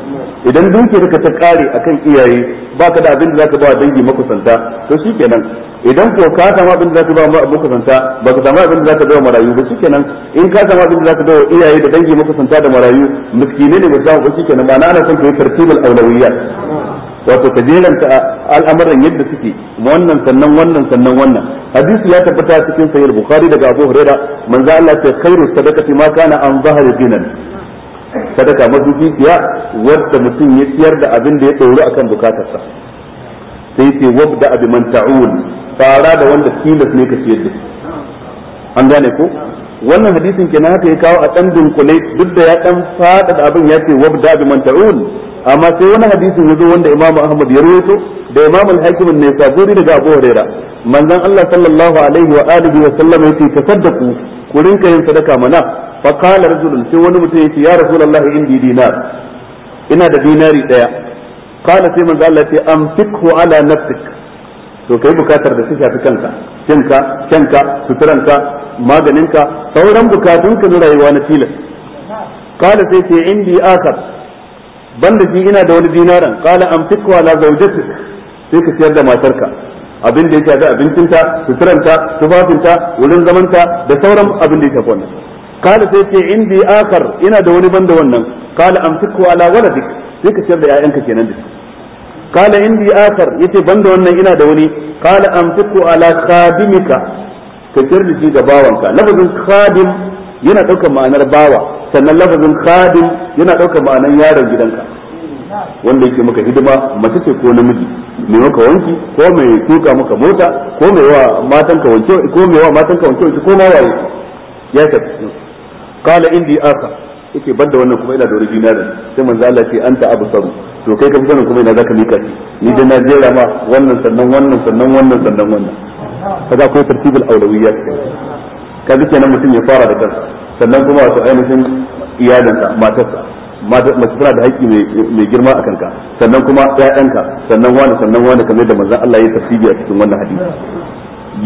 idan dukiyar ka ta kare akan iyaye ka da abin da zaka ba dangi makusanta to shikenan idan ko ka samu abin da zaka ba makusanta ba ka samu abin da zaka ba marayu ba shikenan in ka samu abin da zaka ba iyaye da dangi makusanta da marayu miskine ne ba za ku shikenan ba na ana son ka yi tartibul aulawiyya wato ka jeranta al'amuran yadda suke wannan sannan wannan sannan wannan hadisi ya tabbata cikin sahih bukhari daga abu huraira manzo Allah ta khairu sadaqati ma kana an zahari dinan sadaka mafificiya wadda mutum ya ciyar da abin da ya tsoro akan bukatarsa sai ce wabda abi man ta'un fara da wanda tilas ne ka ciyar da an gane ko wannan hadisin kenan haka ya kawo a dan dunkule duk da ya dan fada da abin ya ce da bi manta'un amma sai wani hadisin yazo wanda Imam Ahmad ya rawaito da Imam Al-Hakim ne daga Abu Huraira manzon Allah sallallahu alaihi wa alihi wa sallam yace tasaddaqu ku rinka yin sadaka mana fa qala rajulun sai wani mutum yace ya rasulullahi indi dinar ina da dinari daya qala sai manzon Allah yace amfikhu ala nafsika to kai bukatar da su shafi kanka cinka kanka suturanka maganinka sauran bukatunka na rayuwa na tilas kala sai ce indi akar banda shi ina da wani dinaran kala amtik wala zawjatik sai ka siyar da matarka abin da ya shafi abincinta suturanta tufafinta wurin zamanta da sauran abin da ya shafi wannan kala sai ce indi akar ina da wani banda wannan kala amtik wala waladik sai ka siyar da 'ya'yanka kenan da shi qala indi akhar yace banda wannan ina da wani qala amtiku ala khadimika ka sirri shi ga bawanka lafazin khadim yana ɗaukar ma'anar bawa sannan lafazin khadim yana ɗaukar ma'anar yaron gidanka wanda yake maka hidima mace ce ko namiji mai maka wanki ko mai tuka maka mota ko mai wa matan ka wanke ko mai wa matan ka wanke ko ma waye ya tafi kala indi akhar yake banda wannan kuma ina da wani dinarin sai manzo Allah ce anta absaru to kai ka fi sanin kuma ina zaka mika shi ni dai na jera ma wannan sannan wannan sannan wannan sannan wannan kaga akwai tartibul awlawiyat kaga kenan mutum ya fara da kansa sannan kuma wato ainihin iyalansa matarsa mace tana da haƙƙi mai girma a kanka sannan kuma ƴaƴanka sannan wani sannan wani kamar da manzon Allah ya tafi a cikin wannan hadisi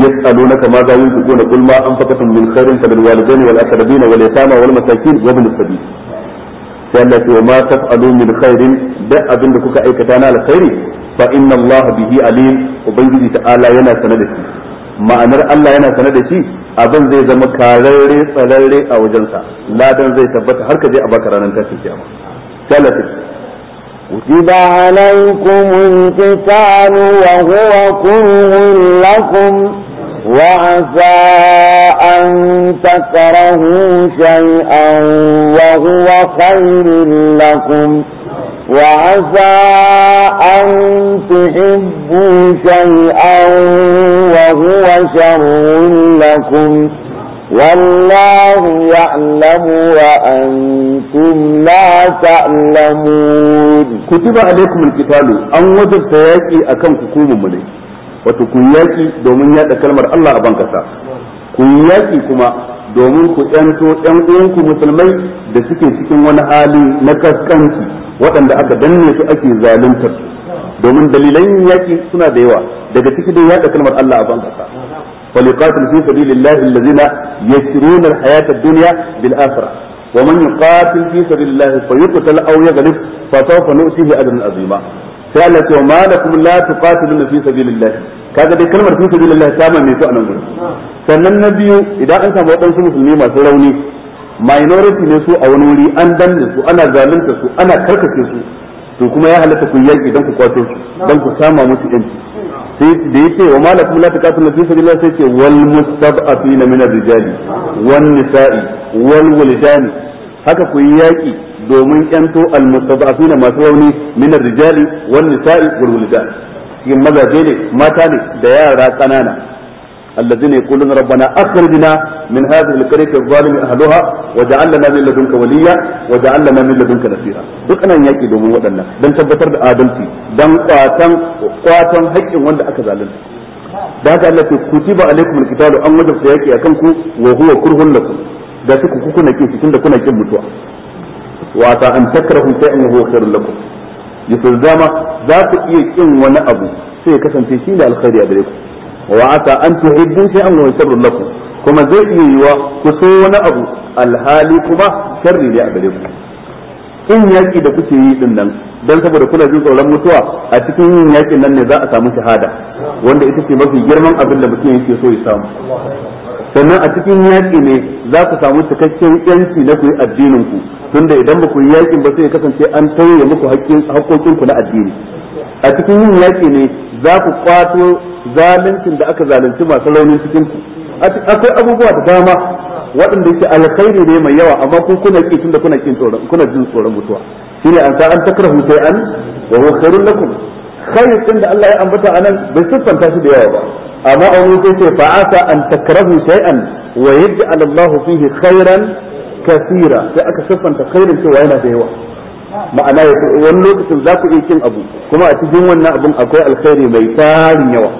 يسألونك ماذا ينفقون قل ما أنفقتم من خير فللوالدين والأقربين واليتامى والمساكين وابن السبيل sai وما تفعلوا من خير da abin da kuka aikata na alkhairi fa inna Allah bihi alim ubangiji ta'ala yana sanar da shi ma'anar Allah yana sanar da shi abin zai zama kararre tsararre a wajensa ladan zai tabbata har ka je a baka ranar tashin kiyama كتب عليكم القتال وهو كره لكم وعسى أن تكرهوا شيئا وهو خير لكم وعسى أن تحبوا شيئا وهو شر لكم والله يعلم وأنتم لا تعلمون كتب عليكم القتال أن وجب تياكي أكم تكون مني وتكون ياكي دومن ياتا كلمة الله أبانكسا kun yaƙi kuma domin ku ƴanto ƴan uwanku musulmai da suke cikin wani hali na kaskanci waɗanda aka danne su ake zaluntar domin dalilan yaƙi suna da yawa daga ciki dai yaɗa kalmar Allah a ban وليقاتل في سبيل الله الذين يشرون الحياة الدنيا بالآخرة ومن يقاتل في سبيل الله فيقتل أو يغلب فسوف نؤتيه أجرا عظيما قالت وما لكم لا تقاتلون في سبيل الله kaga dai kalmar fi sabilillah ta mai su a nan sannan na biyu idan an samu waɗansu musulmi masu rauni minority ne su a wani wuri an danne su ana zalunta su ana karkace su to kuma ya halatta ku yanki dan ku kwato su dan ku sama musu yanci sai da yake wa malakum la taqatuna fi sabilillah sai ce wal mustad'afina min ar-rijali wan nisa'i wal wildani haka ku yi yaki domin yanto al na masu rauni min ar-rijali wan nisa'i wal wildani cikin mazaje ne mata ne da yara kanana الذين يقولون ربنا أخرجنا من هذه القرية الظالم أهلها واجعل لنا من لدنك وليا واجعل لنا من لدنك نصيرا duk anan yaki domin waɗannan dan tabbatar da adalci dan kwatan kwatan haƙƙin wanda aka zalunta da haka Allah ce kutiba alaikum da an wajabta yaki akan ku wa huwa kurhun lakum da suka ku kuna kin cikin da kuna kin mutuwa wa ta an takrahu shay'an wa huwa khairul lakum yusuf dama za ku iya kin wani abu sai ya kasance shi ne alkhairi a gare ku wa asa an tuhibbu an wa sharrun lafu kuma zai iya yiwa ku so wani abu alhali kuma sharri ne a gare ku in da kuke yi din nan dan saboda kuna jin tsoron mutuwa a cikin yin yaƙin nan ne za a samu shahada wanda ita ce mafi girman abin da mutum yake so ya samu sannan a cikin yaƙi ne za ku samu cikakken yanci na ku yi addinin ku tunda idan ba ku yi yaƙin ba sai kasance an tauye muku haƙƙoƙin ku na addini a cikin yin yaƙi ne za ku kwato zaluncin da aka zalunci masu raunin cikin ku akwai abubuwa da dama waɗanda yake alkhairi ne mai yawa amma ku kuna ki tunda kuna kin tsoron kuna jin tsoron mutuwa shine an sa an takrahu sai an wa khairul lakum khair din da Allah ya ambata anan bai siffanta shi da yawa ba amma a wani sai fa asa an takrahu shay'an wa yaj'al Allah fihi khairan kathira sai aka siffanta khairin cewa yana da yawa ma'ana wani lokacin za ku iya kin abu kuma a cikin wannan abun akwai alkhairi mai tarin yawa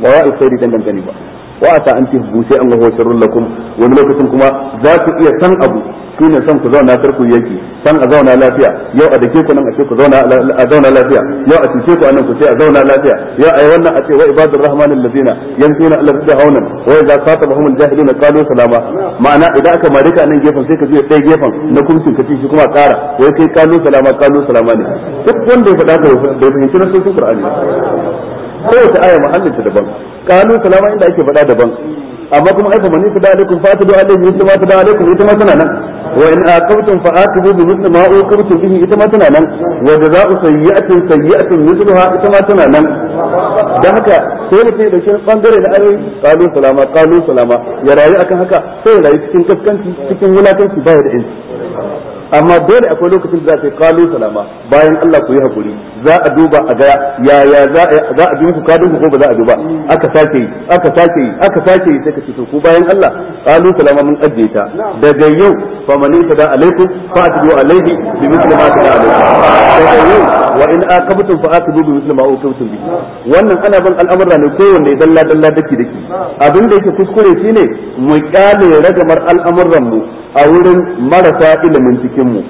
ba wa alkhairi dan gani ba wa asa an tuhibbu sai an huwa sharrun lakum wani lokacin kuma za ku iya san abu shine san ku zauna kar ku yaki san a zauna lafiya yau a dake ku nan a ce ku zauna a zauna lafiya yau a tuce ku anan ku ce a zauna lafiya yau a yi wannan a ce wa ibadur rahmanil ladina yamsuna ala rabbi haunan wa idza qatabahum al jahilun qalu salama ma'ana idan aka mare ka nan gefen sai ka je dai gefen na kumcin ka ci shi kuma kara wai kai qalu salama qalu salama ne duk wanda ya faɗa ka bai fahimci nasosin qur'ani kowace aya mahallin ta daban kanu salama inda ake faɗa daban amma kuma ai mani ni da alaikum fa ta da alaikum ita ma ta da alaikum ita ma tana nan wa in aqabtum fa aqibu bi mithli ma uqibtum bihi ita ma tana nan wa jazaa'u sayyi'atin sayyi'atin mithluha ita ma tana nan dan haka sai mutum da shi bangare da ayoyi qalu salama qalu salama ya rayu akan haka sai rayu cikin kaskanci cikin wulakanci baya da inci amma dole akwai lokacin da za ta yi kalu salama bayan Allah ku yi hakuri za a duba a ga yaya za a bi muku kadin ku ko ba za a duba aka sake yi aka sake yi aka sake yi sai ka ci to ku bayan Allah kalu salama mun ajiye ta daga yau fa man da alaikum fa atbu alaihi bi mithli ma tada alaikum daga yau wa in akabtum fa aqibu bi mithli ma uqibtum bi wannan ana ban al'amura ne kowanne ya dalla dalla dake dake abin da yake kuskure shine mu kyale ragamar al'amuran mu a wurin marasa ilimin cikin mu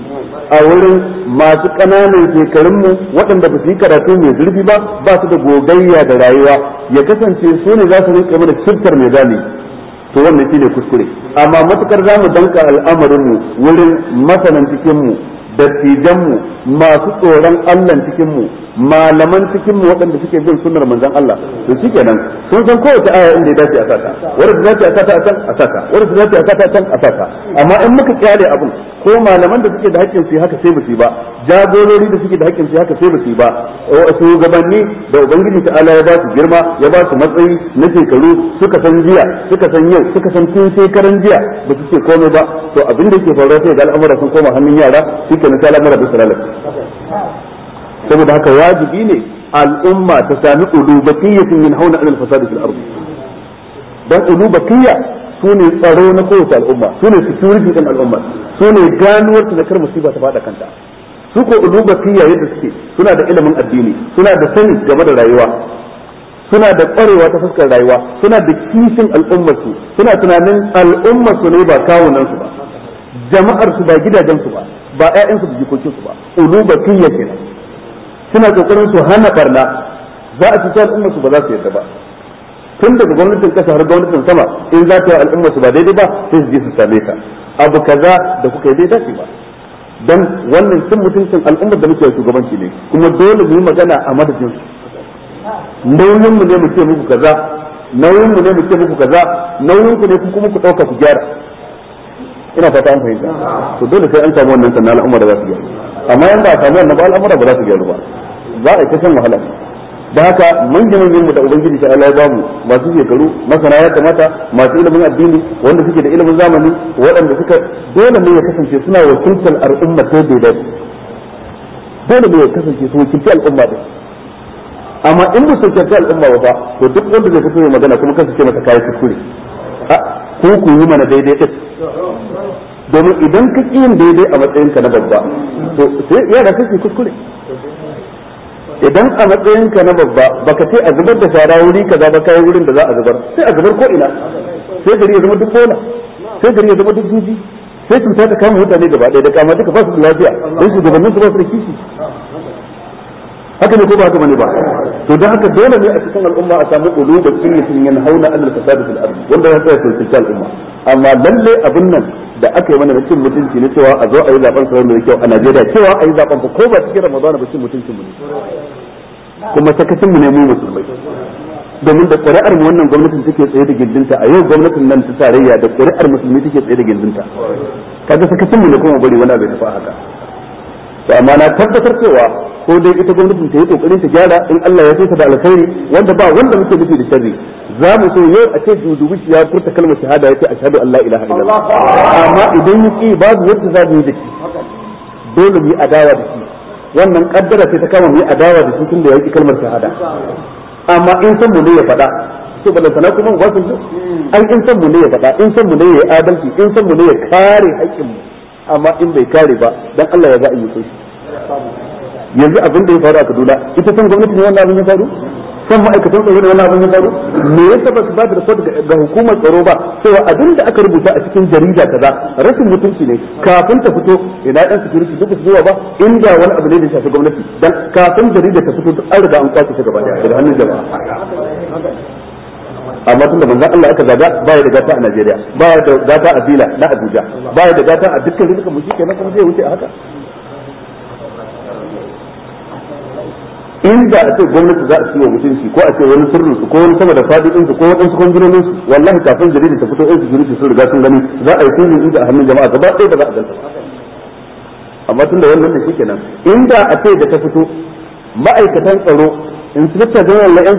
a wurin masu ƙananan shekarun mu waɗanda ba su yi karatu mai zurfi ba ba su da gogayya da rayuwa ya kasance su ne za su rinka mana shiftar mai zali to wannan shine kuskure amma matukar zamu danka al'amarin mu wurin masanan cikin mu dattijanmu masu tsoron Allah cikinmu malaman cikin mu waɗanda suke bin sunnar manzon Allah to kenan sun san kowace aya inda ya dace a saka wanda da dace a saka a san a saka wanda da dace a saka a san a saka amma in muka kiyale abun. ko malaman da suke da hakkin su haka sai ba ba jagorori da suke da hakkin su haka sai ba su ba da ubangiji ta Allah ya ba su girma ya ba su matsayi na shekaru suka san jiya suka san yau suka san tun shekaran jiya ba su ce komai ba to abin da yake faruwa sai ga al'amura sun koma hannun yara shikenan sai al'amura da saboda haka wajibi ne al'umma ta sami ulubatiyatin min hauna alal fasadi fil ardh dan ulubatiya sune tsaro na kowace al'umma sune security din al'umma sune ganuwar ta kar musiba ta fada kanta su ko ulubatiya yadda suke suna da ilimin addini suna da sani game da rayuwa suna da kwarewa ta fuskar rayuwa suna da kishin al'ummarsu suna tunanin al'ummarsu ne ba kawunan su ba jama'ar su ba gidajen su ba ba yayan su da jikokin su ba ulubatiya kenan suna kokarin su hana barna za a cuta al'umma su ba za su yadda ba tun daga gwamnatin kasa har gwamnatin sama in za ta yi al'umma su ba daidai ba sai su je su same ka abu kaza da kuka yi daidai ba dan wannan sun mutuncin al'ummar da muke shugabanci ne kuma dole mu yi magana a madadin su nauyin mu ne mu ce muku kaza nauyin mu ne mu ce muku kaza nauyin ku ne kuma ku dauka ku gyara ina fata an fahimta to dole sai an samu wannan sannan al'ummar da za su gyara amma yanda a samu wannan ba al'ummar ba za su gyaru ba za a ta wahala da haka mun ji mu da ubangiji ta Allah ya mu masu shekaru masana ya kamata masu ilimin addini wanda suke da ilimin zamani waɗanda suka dole ne ya kasance suna wakiltar al'umma ta daidai dole ne ya kasance su wakilci al'umma din amma in ba su wakilci al'umma ba to duk wanda zai fito ya magana kuma kansu ce mata kai kuskure ko ku yi mana daidai ɗin domin idan ka ƙi yin daidai a matsayinka na babba to sai yara sai kuskure idan a ka na babba baka ce a zubar da shara wuri kaza ba kai wurin da za a zubar sai a zubar ko ina sai gari ya zama duk bola sai gari ya zama duk juji sai cuta ta kama mutane gaba ɗaya da kama duka ba su da lafiya don shugabannin su ba su da kishi haka ne ko ba haka bane ba to dan haka dole ne a cikin al'umma a samu qulubu sunnatin yan hauna an al-fasad fil ard wanda ya tsaya cikin al'umma amma lalle abin nan da aka yi mana rashin mutunci ne cewa a zo a yi zaben sauran da kyau a Najeriya cewa a yi zaben ko ba cikin Ramadan ba cin mutuncin mu ne kuma sakacin mu ne mu musulmai domin da ƙuri'ar mu wannan gwamnatin take tsaye da gindinta a yau gwamnatin nan ta tarayya da ƙuri'ar musulmi take tsaye da gindinta kaga sakacin mu ne kuma bari wani bai tafi haka to amma na tabbatar cewa ko dai ita gwamnatin ta yi kokarin ta gyara in Allah ya ta da alkhairi wanda ba wanda muke nufi da sharri za mu so yau a ce dudubi ya furta kalmar shahada yace ashhadu an la ilaha illallah amma idan yi babu wanda za mu yi da shi dole mu yi adawa da shi wannan kaddara sai ta kama mai adawa da su tunda yaki kalmar shahada amma in san mu ne ya faɗa to ballan sana kuma ba su an in san mu ne ya faɗa in san mu ne ya adalci in san mu ne ya kare haƙƙin mu amma in bai kare ba dan Allah ya za a kai yanzu abin da ya faru a Kaduna ita san gwamnati ne wannan abin ya faru kan ma'aikatan tsaro da wannan abin ya faru me yasa ba su ba da rasuwa ga hukumar tsaro ba cewa abin da aka rubuta a cikin jarida kaza rashin mutunci ne kafin ta fito ina dan security duk su zuwa ba inda wani abu ne da shafi gwamnati dan kafin jarida ta fito an riga an kwace shi gaba daya daga hannun jama'a amma tunda manzon Allah aka zaga ba da gata a Najeriya ba da gata a Bila na Abuja ba ya da gata a dukkan dukkan mu shi kenan kuma zai wuce a haka inda a ce gwamnati za a ciwo mutunci ko a ce wani sirrin su ko wani sama da fadin su ko wadansu kwangilolin su wallahi kafin jarida ta fito aiki security sun riga sun gani za a yi kunin inda a hannun jama'a gaba ɗaya ba za a ganta amma da wannan da shi kenan inda a ce da ta fito ma'aikatan tsaro inspector general na yan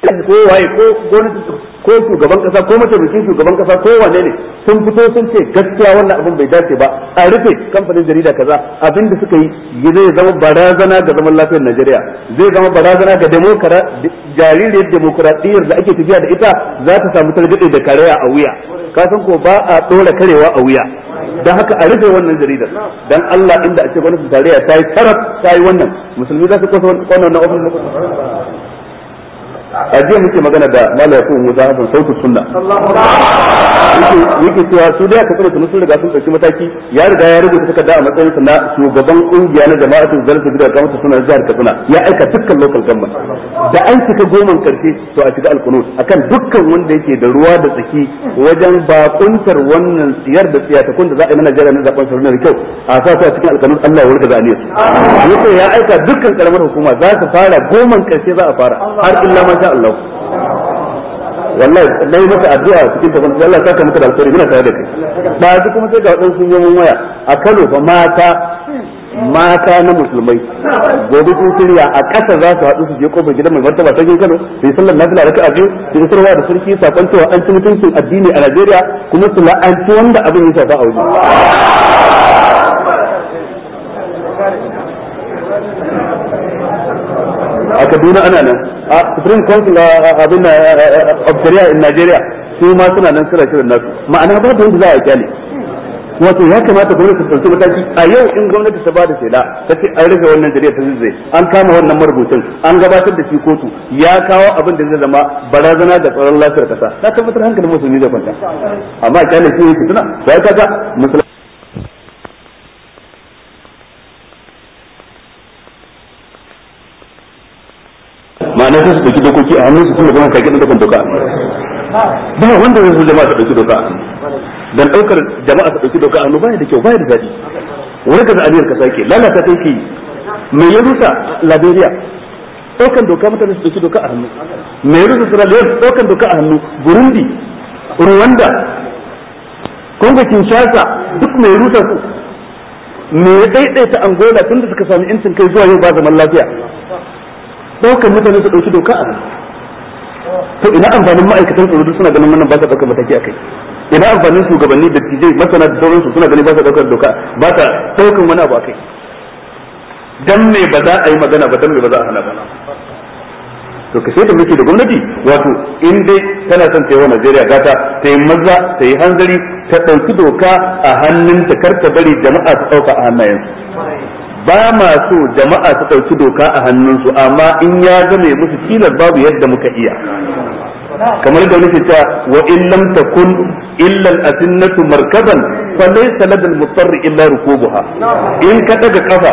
ko waye ko gwamnati ko shugaban kasa ko mataimakin shugaban kasa ko wane ne sun fito sun ce gaskiya wannan abin bai dace ba a rufe kamfanin jarida kaza abin da suka yi zai zama barazana ga zaman lafiyar Najeriya zai zama barazana ga jaririyar demokradiyyar da ake tafiya da ita za ta samu targaɗe da karewa a wuya ka san ko ba a dora karewa a wuya dan haka a rufe wannan jaridar dan Allah inda a ce gwamnatin tarayya ta yi taraf ta yi wannan musulmi za su kwasa wannan ofin a jiya muke magana da malaya ko musa hasan sautin sunna yake cewa su da kafin su sun riga sun dauki mataki ya riga ya rubuta takarda a matsayin sa na shugaban ƙungiya na su zalta bid'a kamar ta suna jihar Katsina ya aika dukkan local government da an cika goman karfe to a shiga alkunut akan dukkan wanda yake da ruwa da tsaki wajen bakuntar wannan siyar da siyata kun da za a yi mana jira na zaɓen sarunan da kyau a sa su a cikin alkunut Allah ya warka zaniyar yace ya aika dukkan karamar hukuma za su fara goman karfe za a fara har illa ma insha Allah wallahi dai maka addu'a cikin ta kuma Allah saka maka da alƙawari muna tare da kai ba duk kuma sai ga wadansu sun yi waya a Kano fa mata mata na musulmai gobe sun shirya a ƙasa za su haɗu su je kofar gidan mai martaba ta gidan Kano sai sallar nafila raka a biyu su yi da sarki sakon cewa an ci mutuncin addini a Najeriya kuma su la'anci wanda abin ya shafa a wuri a Kaduna ana nan a supreme council abin of sharia in Nigeria su ma suna nan suna shirin nasu ma'ana babu wanda za a kyale wato ya kamata gwamnati ta ɗauki mataki a yau in gwamnati ta bada shaida ta ce an rufe wannan jarida ta zai an kama wannan marubucin an gabatar da shi kotu ya kawo abin da zai zama barazana da tsaron lafiyar kasa ta tabbatar hankalin musulmi da kwanta amma kyale shi ne fitina ya kaga musulmi mutane su dauki dokoki a hannun su suna zama kake da dokan doka ba wanda zai zama jama'a ta dauki doka dan daukar jama'a ta dauki doka annu hannu baya da kyau baya da dadi wurga da aliyar kasa ke lalata ta yake mai ya laberia liberia daukan doka mutane su dauki doka a hannu mai ya rusa sierra daukan doka a hannu burundi rwanda kongo kinshasa duk mai rusa su me ya daidaita angola tun da suka sami incin kai zuwa yau ba zaman lafiya ɗaukar mutane su ɗauki doka a nan to ina amfanin ma'aikatan tsaro suna ganin wannan ba sa ɗaukar mataki a kai ina amfanin shugabanni da tijai masana da sauransu suna ganin ba sa ɗaukar doka ba sa ɗaukar wani abu a kai dan me ba za a yi magana ba dan me ba za a hana ba to kashe da muke da gwamnati wato in dai tana son taiwa Najeriya gata ta yi maza ta yi hanzari ta ɗauki doka a hannun ta karta bari jama'a ta ɗauka a hannayensu ba ma so jama'a su ɗauki doka a hannunsu amma in ya zame musu tilas babu yadda muka iya kamar da wani cewa wa in lam takun illa al-asinnatu markaban fa laysa ladal mutarr illa rukubuha in ka daga kafa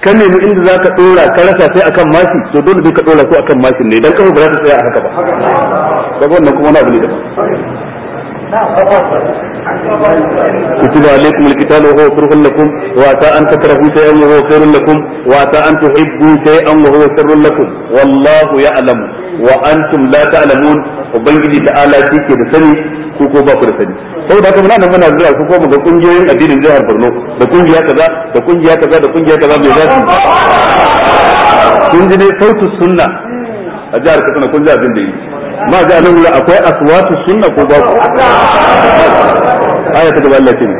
ka nemi inda zaka ka dora ka rasa sai akan mashi to dole sai ka dora ko akan mashin ne dan kafa ba za ta tsaya a haka ba kaga wannan kuma wani abu ne daban كتب عليكم القتال وهو كره لكم وعسى ان تكرهوا شيئا وهو خير لكم وعسى ان تحبوا شيئا وهو شر لكم والله يعلم وانتم لا تعلمون وبنجي تعالى تيكي لسني kuko ba ku da sani saboda haka muna nan muna zuwa ku kuma ga kungiyoyin addinin jihar Borno da kungiya kaza da kungiya kaza da kungiya kaza mai zafi kun ji ne sautu sunna a jihar kun ji abin da ma ga nan la akwai aswatu sunna ko babu aya ta gaba lakin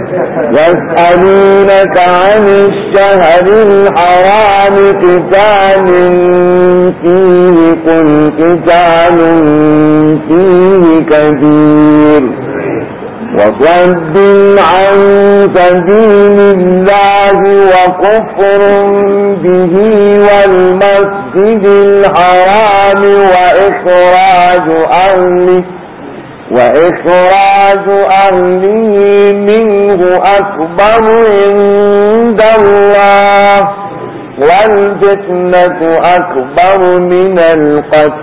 wa anuna ka an shahril haram qitan fi kun qitan fi kabir وصد عن سبيل الله وكفر به والمسجد الحرام وإخراج أهله وإخراج أهله منه أكبر عند الله والفتنة أكبر من القتل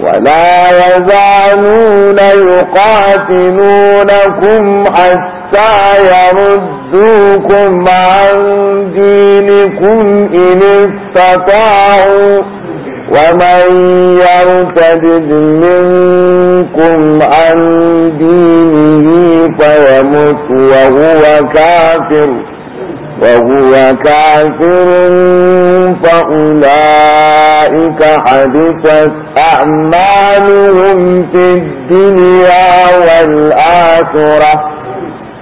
ولا يزالون يقاتلونكم حتى يردوكم عن دينكم إن استطاعوا ومن يرتد منكم عن دينه فيمت وهو كافر وهو كافر فأولئك حدثت أعمالهم في الدنيا والآخرة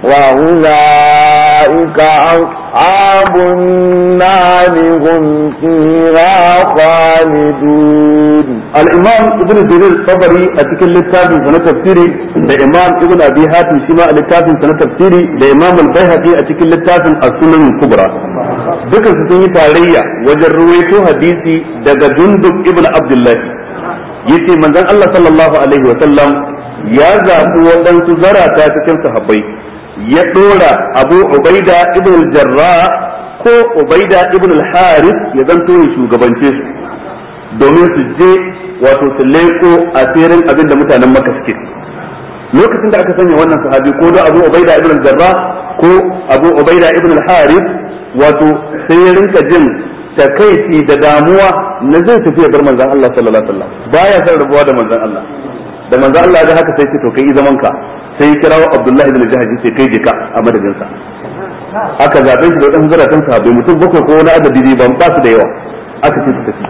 وأولئك أصحاب أصحاب النار هم فيها خالدون الإمام ابن جرير الطبري أتكلم للتابع سنة تفسيري الإمام ابن أبي هاتم شماء للتابع سنة تفسيري الإمام البيهقي أتكلم للتابع السنن الكبرى duka su sun yi tarayya wajen ruwaito hadisi daga jundub ibn abdullah yace manzon Allah sallallahu alaihi wa sallam ya zaɓi waɗansu zarata cikin sahabbai ya dora abu ubaida ibn al ko ubaida ibn al-harith ya zanto ya shugabance su domin su je wato su leko asirin abin da mutanen maka suke lokacin da aka sanya wannan sahabi ko da abu ubaida ibn al ko abu ubaida ibn al-harith wato sai ya rinka jin takaici da damuwa na zai tafi ya bar manzon Allah sallallahu alaihi wasallam baya son rabuwa da manzon Allah da manzo Allah ga haka sai ce to kai zaman ka sai ya kirawo Abdullahi ibn Jahaj sai kai je ka a madadin sa aka zabe shi da wadannan zaratan bai mutum bako ko wani adadi ne ban ba su da yawa aka ce tafi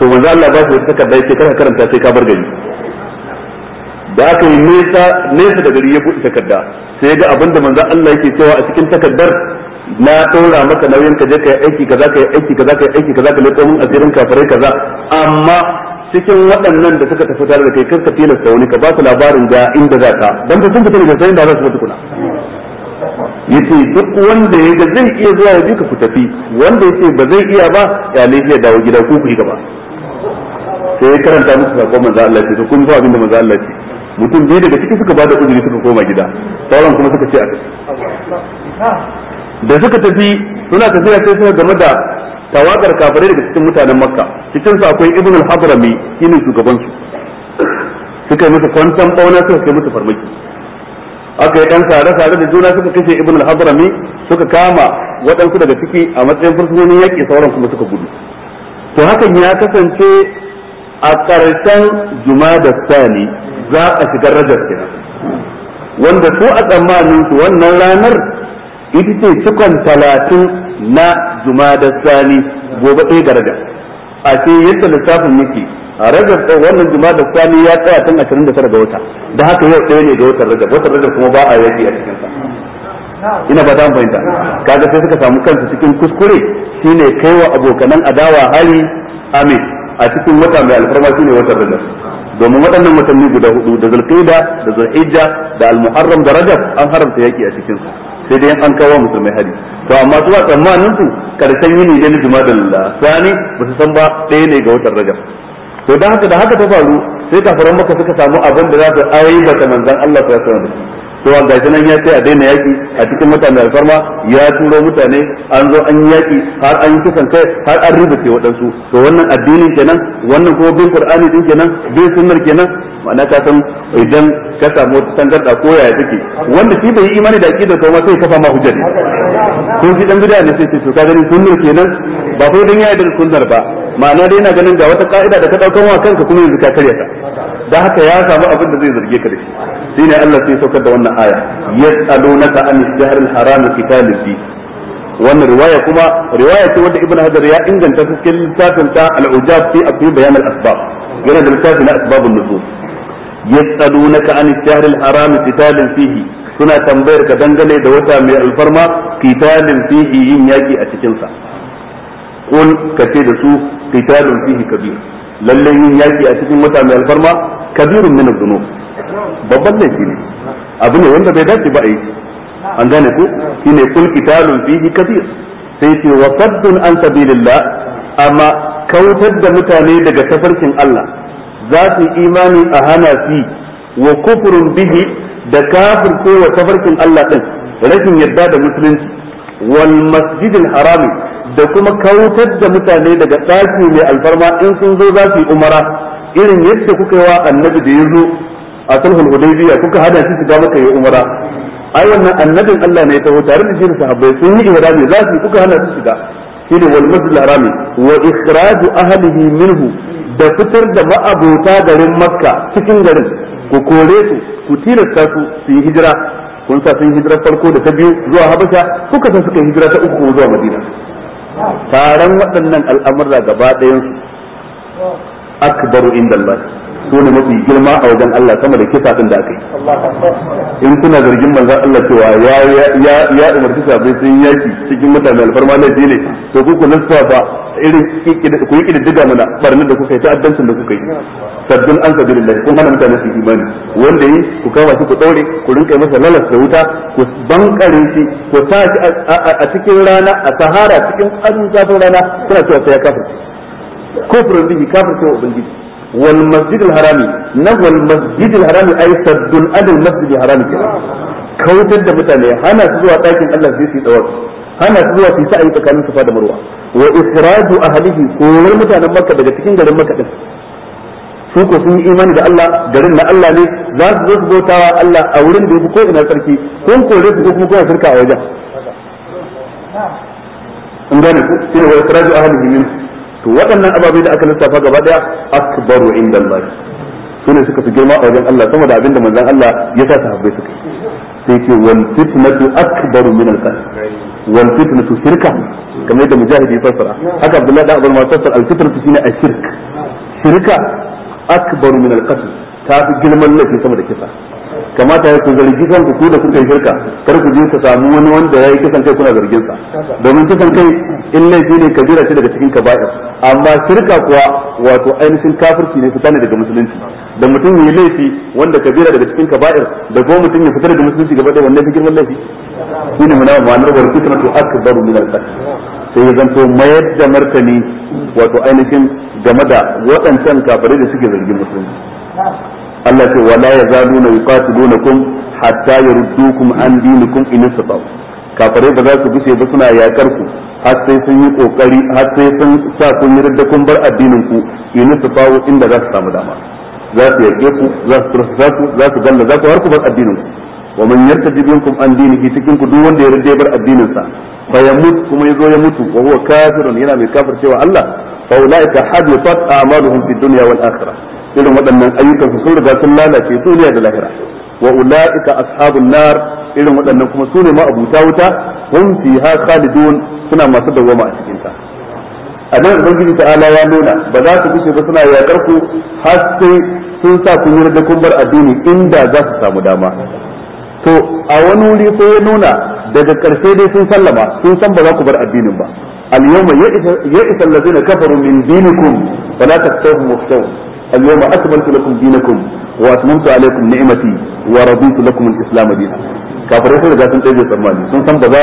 to manzo Allah ba su wata takarda yake kana karanta sai ka bar gari da aka yi nesa nesa da gari ya buɗe takarda sai ga abinda manzo Allah yake cewa a cikin takardar na ɗora maka nauyin ka je ka yi aiki kaza ka yi aiki kaza ka yi aiki kaza ka leƙo mun asirin kafirai kaza amma cikin waɗannan da suka tafi tare da kai kar ka tilasta wani ka ba su labarin da inda za ka dan sun fita daga sanin da za su mutu kuna yace duk wanda ya ga zai iya zuwa ya ka ku tafi wanda yace ba zai iya ba ya ne zai dawo gida ko ku yi gaba sai ya karanta musu sakon manzo Allah ce to kun ba abin da manzo Allah ce mutum biyu daga ciki suka bada uzuri suka koma gida sauran kuma suka ce a tafi da suka tafi suna tafiya sai suka game da tawagar kafare daga cikin mutanen makka cikin su akwai ibn al-hadrami shine shugaban su suka yi musu kwantan bauna suka kai musu farmaki aka yi dan sare sare da juna suka kashe ibn al-hadrami suka kama waɗansu daga ciki a matsayin fursunoni yaƙi sauran kuma suka gudu to hakan ya kasance a ƙarshen da sani za a shiga rajar wanda su a tsammanin su wannan ranar ita ce cikon talatin na da sani gobe ɗaya ga raga a ce yadda lissafin yake rajab wannan da sani ya tsaya tun 29 ga wata da haka yau ɗaya ne ga watan rajab watan rajab kuma ba a yaji a cikinsa ina ba ta fahimta kaga sai suka samu kansu cikin kuskure shine wa abokanan adawa hari amin a cikin wata mai alfarma shine watan rajab domin waɗannan watanni guda hudu da zulqa'da da zulhijja da almuharram da rajab an haramta yaki a cikinsa. sai dai an kawo musulmai hari to amma su ba tsammanin su karshen yini ne na lalla sani ba su san ba ɗaya ne ga watan rajab to da haka da haka ta faru sai kafaran maka suka samu abin da za su aibata manzon Allah sallallahu alaihi to ga shi nan ya ce a daina yaki a cikin mutane alfarma ya turo mutane an zo an yaki har an yi kisan kai har an ce waɗansu to wannan addinin kenan wannan kuma bin qur'ani din kenan bin sunnar kenan ma'ana ka san idan ka samu wata tangarda ko yaya take wanda shi bai yi imani da aqida kuma sai kafa ma hujja ne kun ji dan bid'a ne sai ce to ka gani sunnar kenan ba ko dan ya da sunnar ba ma'ana dai yana ganin ga wata ka'ida da ka daukan wa kanka kuma yanzu ka karya ta da haka ya samu abin da zai zarge ka da shi ne Allah sai saukar da wannan aya yas'alunaka an al haram qitalun fi wannan riwaya kuma riwaya ce wanda ibnu hajar ya inganta cikin littafin ta al-ujab fi afi bayan al-asbab yana da littafin na asbabun nuzul yas'alunaka an al haram qitalun fihi suna tambayar ka dangane da wata mai alfarma qitalun fihi yin yaki a cikin sa kun kace da su qitalun fihi kabir lallai yin yaki a cikin wata mai alfarma kabirun min adh-dhunub babban laifi ne abu ne wanda bai dace ba a yi an gane ko shine kul qitalun fihi kabir sai ce wa saddun an sabilillah amma kautar da mutane daga tafarkin Allah za su imani a hana si wa kufrun bihi da kafir ko wa tafarkin Allah din rashin yadda da musulunci wal masjidil harami da kuma kautar da mutane daga ɗaki mai alfarma in sun zo za su yi umara irin yadda kuka yi wa annabi da ya zo a sulhul hudaybiya kuka hada shi shiga maka yi umara ai wannan annabin Allah ne ya taho tare da shi da sahabbai sun yi ihrami za su kuka hana su shiga shine wal masjid harami wa ikhraju ahlihi minhu da fitar da ma'abota garin makka cikin garin ku kore su ku tilasta su su yi hijira kun sa sun hijira farko da ta biyu zuwa habasha kuka san suka hijira ta uku zuwa madina taron waɗannan al'amurra gaba ɗayan su akbaru inda Allah sune mafi girma a wajen Allah sama da kisa din da aka yi in kuna zargin manzon Allah cewa ya ya ya umarci sabai sun yaki cikin mutane alfarma laifi ne to ku ku lissa ba irin ku yi daga mana barnin da kuka ta addancin da kuka yi sabbin an sabilillah kun hana mutane su imani wanda yi ku kama shi ku ɗaure ku rinka masa lalas da wuta ku bankare shi ku sa shi a cikin rana a sahara cikin azun zafin rana kuna cewa sai ya kafirce kofurin bihi kafirce wa ubangiji wal masjid al harami na wal masjid harami ay saddun adal masjid al harami kautar da mutane hana su zuwa ɗakin Allah sai su dawar hana su zuwa su yi tsakanin safa da marwa wa israju ahlihi korar mutanen makka daga cikin garin makka din su ko sun yi imani da Allah garin na Allah ne za su zo su bautawa Allah a wurin da yafi ko ina sarki kun kore su ko kuma kuna shirka a wajen in gane ku shine wa israju ahlihi min to waɗannan ababai da aka lissafa gaba daya akbaru inda Allah sune suka fi girma a wajen Allah sama da abinda manzon Allah ya sa sahabbai suka yi sai ce wal fitnatu akbaru min al wal fitnatu shirka kamar yadda mujahidi ya fassara haka Abdullahi da Abdul Mas'ud al fitnatu shine a shirk shirka akbaru min al ta fi girman laifi sama da kisa kamata ya ku zargi kanku ku da kuka yi shirka kar ku je ku samu wani wanda yi kisan kai kuna zargin sa domin kisan kai in laifi ne kabira shi daga cikin kaba'ir amma shirka kuwa wato ainihin kafirci ne fita ne daga musulunci da mutum yi laifi wanda kabira daga cikin kaba'ir da ko mutum ya fita daga musulunci gaba da fi fikir laifi ne muna ma'anar wal fitnatu akbaru min al-qatl sai ya zanto mayar da martani wato ainihin game da waɗancan kafirai da suke zargin musulunci Allah ce wala yazaluna yuqatilunakum hatta yaruddukum an dinikum in istata'u kafare ba za su gushe ba suna yakar ku har sai sun yi kokari har sai sun sa kun yi da kun bar addinin ku in istata'u inda za su samu dama za su yake ku za su tursa ku za su galla za ku har ku bar addinin ku wa man yartaji minkum an dinihi cikin ku duk wanda ya rade bar addinin sa fa yamut kuma yazo ya mutu wa huwa kafirun yana mai kafir Allah fa ulaika habitat a'maluhum fid dunya wal akhirah irin waɗannan ayyukan su sun riga sun lalace duniya da lahira wa ulaika ashabun nar irin waɗannan kuma su ne ma abuta wuta hum fiha khalidun suna masu dawwama a cikin ta anan ubangiji ta'ala ya nuna ba za su fice ba suna yaƙar ku har sai sun sa kun yi da bar addini inda za su samu dama to a wani wuri sai ya nuna daga ƙarshe dai sun sallama sun san ba za ku bar addinin ba al yawma ya'isa allazina kafaru min dinikum fala tastahu muhtawun اليوم أكملت لكم دينكم وأتممت عليكم نعمتي ورضيت لكم الإسلام دينا kafirai sun riga sun tsaye tsammani sun san ba za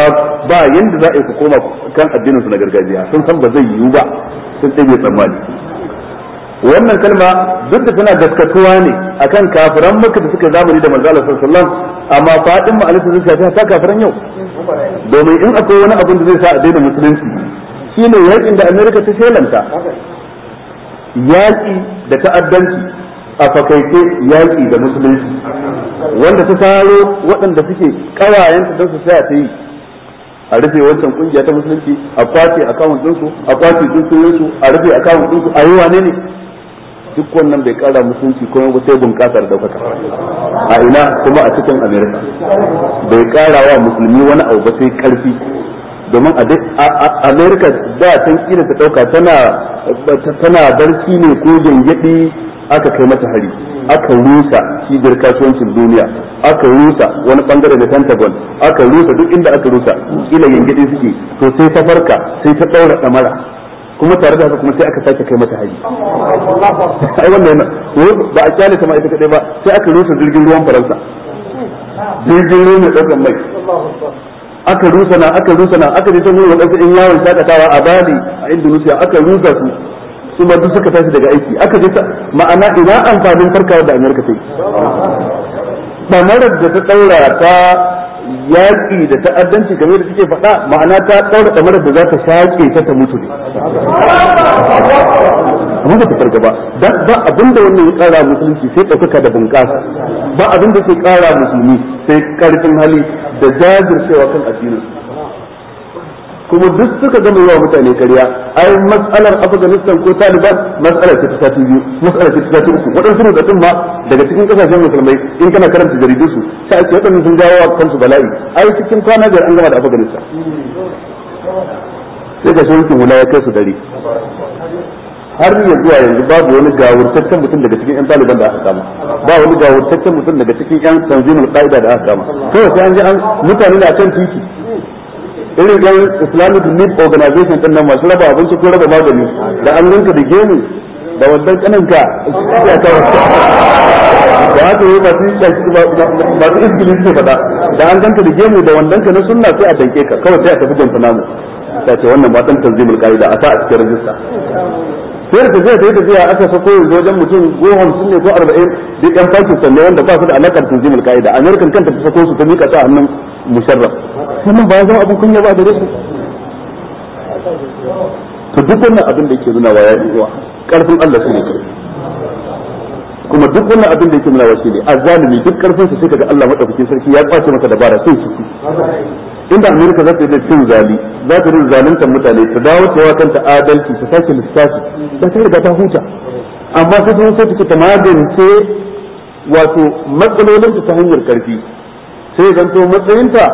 ba yanda za a yi ku koma kan addinin su na gargajiya sun san ba zai yiwu ba sun tsaye tsammani wannan kalma duk da tana gaskatuwa ne akan kafiran maka da suka zamani da manzo Allah sallallahu alaihi wasallam amma fadin ma'alisa zai shafi ta kafiran yau domin in akwai wani abin da zai sa a daina musulunci shine yakin da America ta shelanta yaƙi da ta'addanci a fakaice yaƙi da musulunci wanda ta taro waɗanda suke ƙawayenta don su saya ta yi a rufe wancan kungiya ta musulunci a kwace akawun ɗinsu a kwace dukiyoyinsu a rufe akawun ɗinsu a yi wane ne duk wannan bai kara musulunci kuma ba sai bunƙasar ɗaukaka a ina kuma a cikin amerika bai ƙara wa musulmi wani abu ba sai ƙarfi domin a duk america da ta kila ta dauka tana tana barci ne ko gengedi aka kai mata hari aka rusa cibiyar kasuwancin duniya aka rusa wani bangare da pentagon aka rusa duk inda aka rusa kila gengedi suke to sai ta farka sai ta daura damara kuma tare da haka kuma sai aka sake kai mata hari ai wannan ba a kyale ta ma ita kadai ba sai aka rusa jirgin ruwan faransa jirgin ruwan mai daukan mai aka rusa na aka rusa na aka je can wurin wadansu in yawon shakatawa a Bali a Indonesia aka rusa su su ma duk suka tashi daga aiki aka je ma'ana ina amfanin farkawa da ta yi. damarar da ta daura ta yaƙi da ta'addanci game da suke faɗa ma'ana ta daura damarar da za ta shaƙe ta ta mutu ne amma da ta farga ba ba abin da wannan ya kara musulunci sai ɗaukaka da bunƙasa ba abin da sai kara musulmi sai karfin hali da jajircewa kan addinin kuma duk suka gama yawa mutane karya ai matsalar afganistan ko taliban matsalar ta tafi biyu matsalar ta tafi uku waɗansu rubutun ma daga cikin kasashen musulmai in kana karanta jaridu su sai ake waɗannan sun jawo wa kansu bala'i ai cikin kwana biyar an gama da afganistan sai ga shaukin wula ya kai su dare har ya zuwa yanzu babu wani gawurtaccen mutum daga cikin yan taliban da aka kama ba wani gawurtaccen mutum daga cikin yan tanzimul qaida da aka kama kawai sai an ji an mutane na kan titi irin yan islamic need organization din nan masu raba abinci ko raba magani da an rinka da gemu da wannan kananka ya kawo da haka yi masu izgilin ne faɗa da an ganka da gemu da wannan ka na sunna sai a danke ka kawai sai a tafi jamfa namu ta ce wannan ba dan tanzimul qaida a sa a cikin rajista sai da tafiya ta yi tafiya aka sako yanzu wajen mutum ko hamsin ne ko arba'in duk ɗan fakin sannan wanda ba su da alaƙar mai ka'ida amerikan kanta ta sako su ta miƙa ta hannun musharraf kuma ba zama abin kunya ba da rasu to duk wannan abin da yake nuna wa ya yi wa ƙarfin Allah su ne kai kuma duk wannan abin da yake nuna wa shine azzalimi duk karfin sa sai kaga Allah maɗaukakin sarki ya ƙwace masa dabara sai su inda amurka za ta yi da cin zali za ta rin zaluntar mutane ta dawo ta kanta adalci ta sake lissafi da ta da ta huta amma sai sun sai ta magance wato matsalolinta ta hanyar karfi sai zan to matsayinta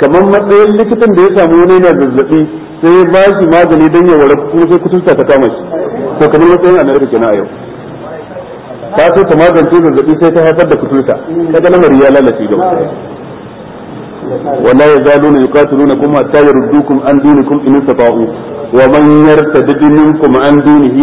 kamar matsayin likitan da ya samu wani yana zazzabi sai ya ba shi magani don ya warke kuma sai kuturta ta kama shi to kamar matsayin amurka kenan a yau ta so ta magance zazzabi sai ta haifar da kuturta kaga lamarin ya lalace da ولا يزالون يقاتلونكم حتى يردوكم عن دينكم إن استطاعوا ومن يرتد منكم عن دينه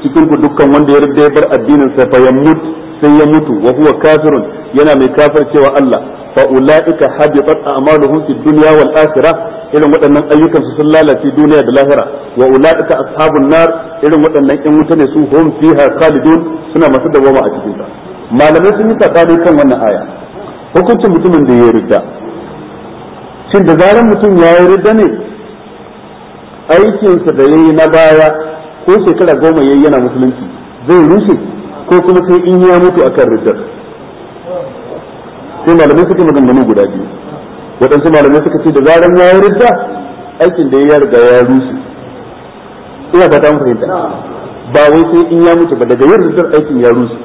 cikin ku dukkan wanda ya rida ya bar addinin sa fa yamut sai ya mutu wa huwa kafirun yana mai kafar cewa Allah fa ulaika habitat a'maluhum fid dunya wal akhirah irin waɗannan ayyukan su sun lalace duniya da lahira wa ulaika ashabun nar irin waɗannan in wuta ne su hum fiha khalidun suna masu dawama a cikin ta malamai sun yi tsakani kan wannan aya hukuncin mutumin da ya rida shin da zarar mutum ya yi ridda ne aikinsa da ya yi na baya ko shekara goma ya yana musulunci zai rushe ko kuma sai in ya mutu akan riddar sai malamai suka maganganu guda biyu waɗansu malamai suka ce da zarar ya yi ridda aikin da ya riga ya rushe ina ba ta fahimta ba wai sai in ya mutu ba daga yin riddar aikin ya rushe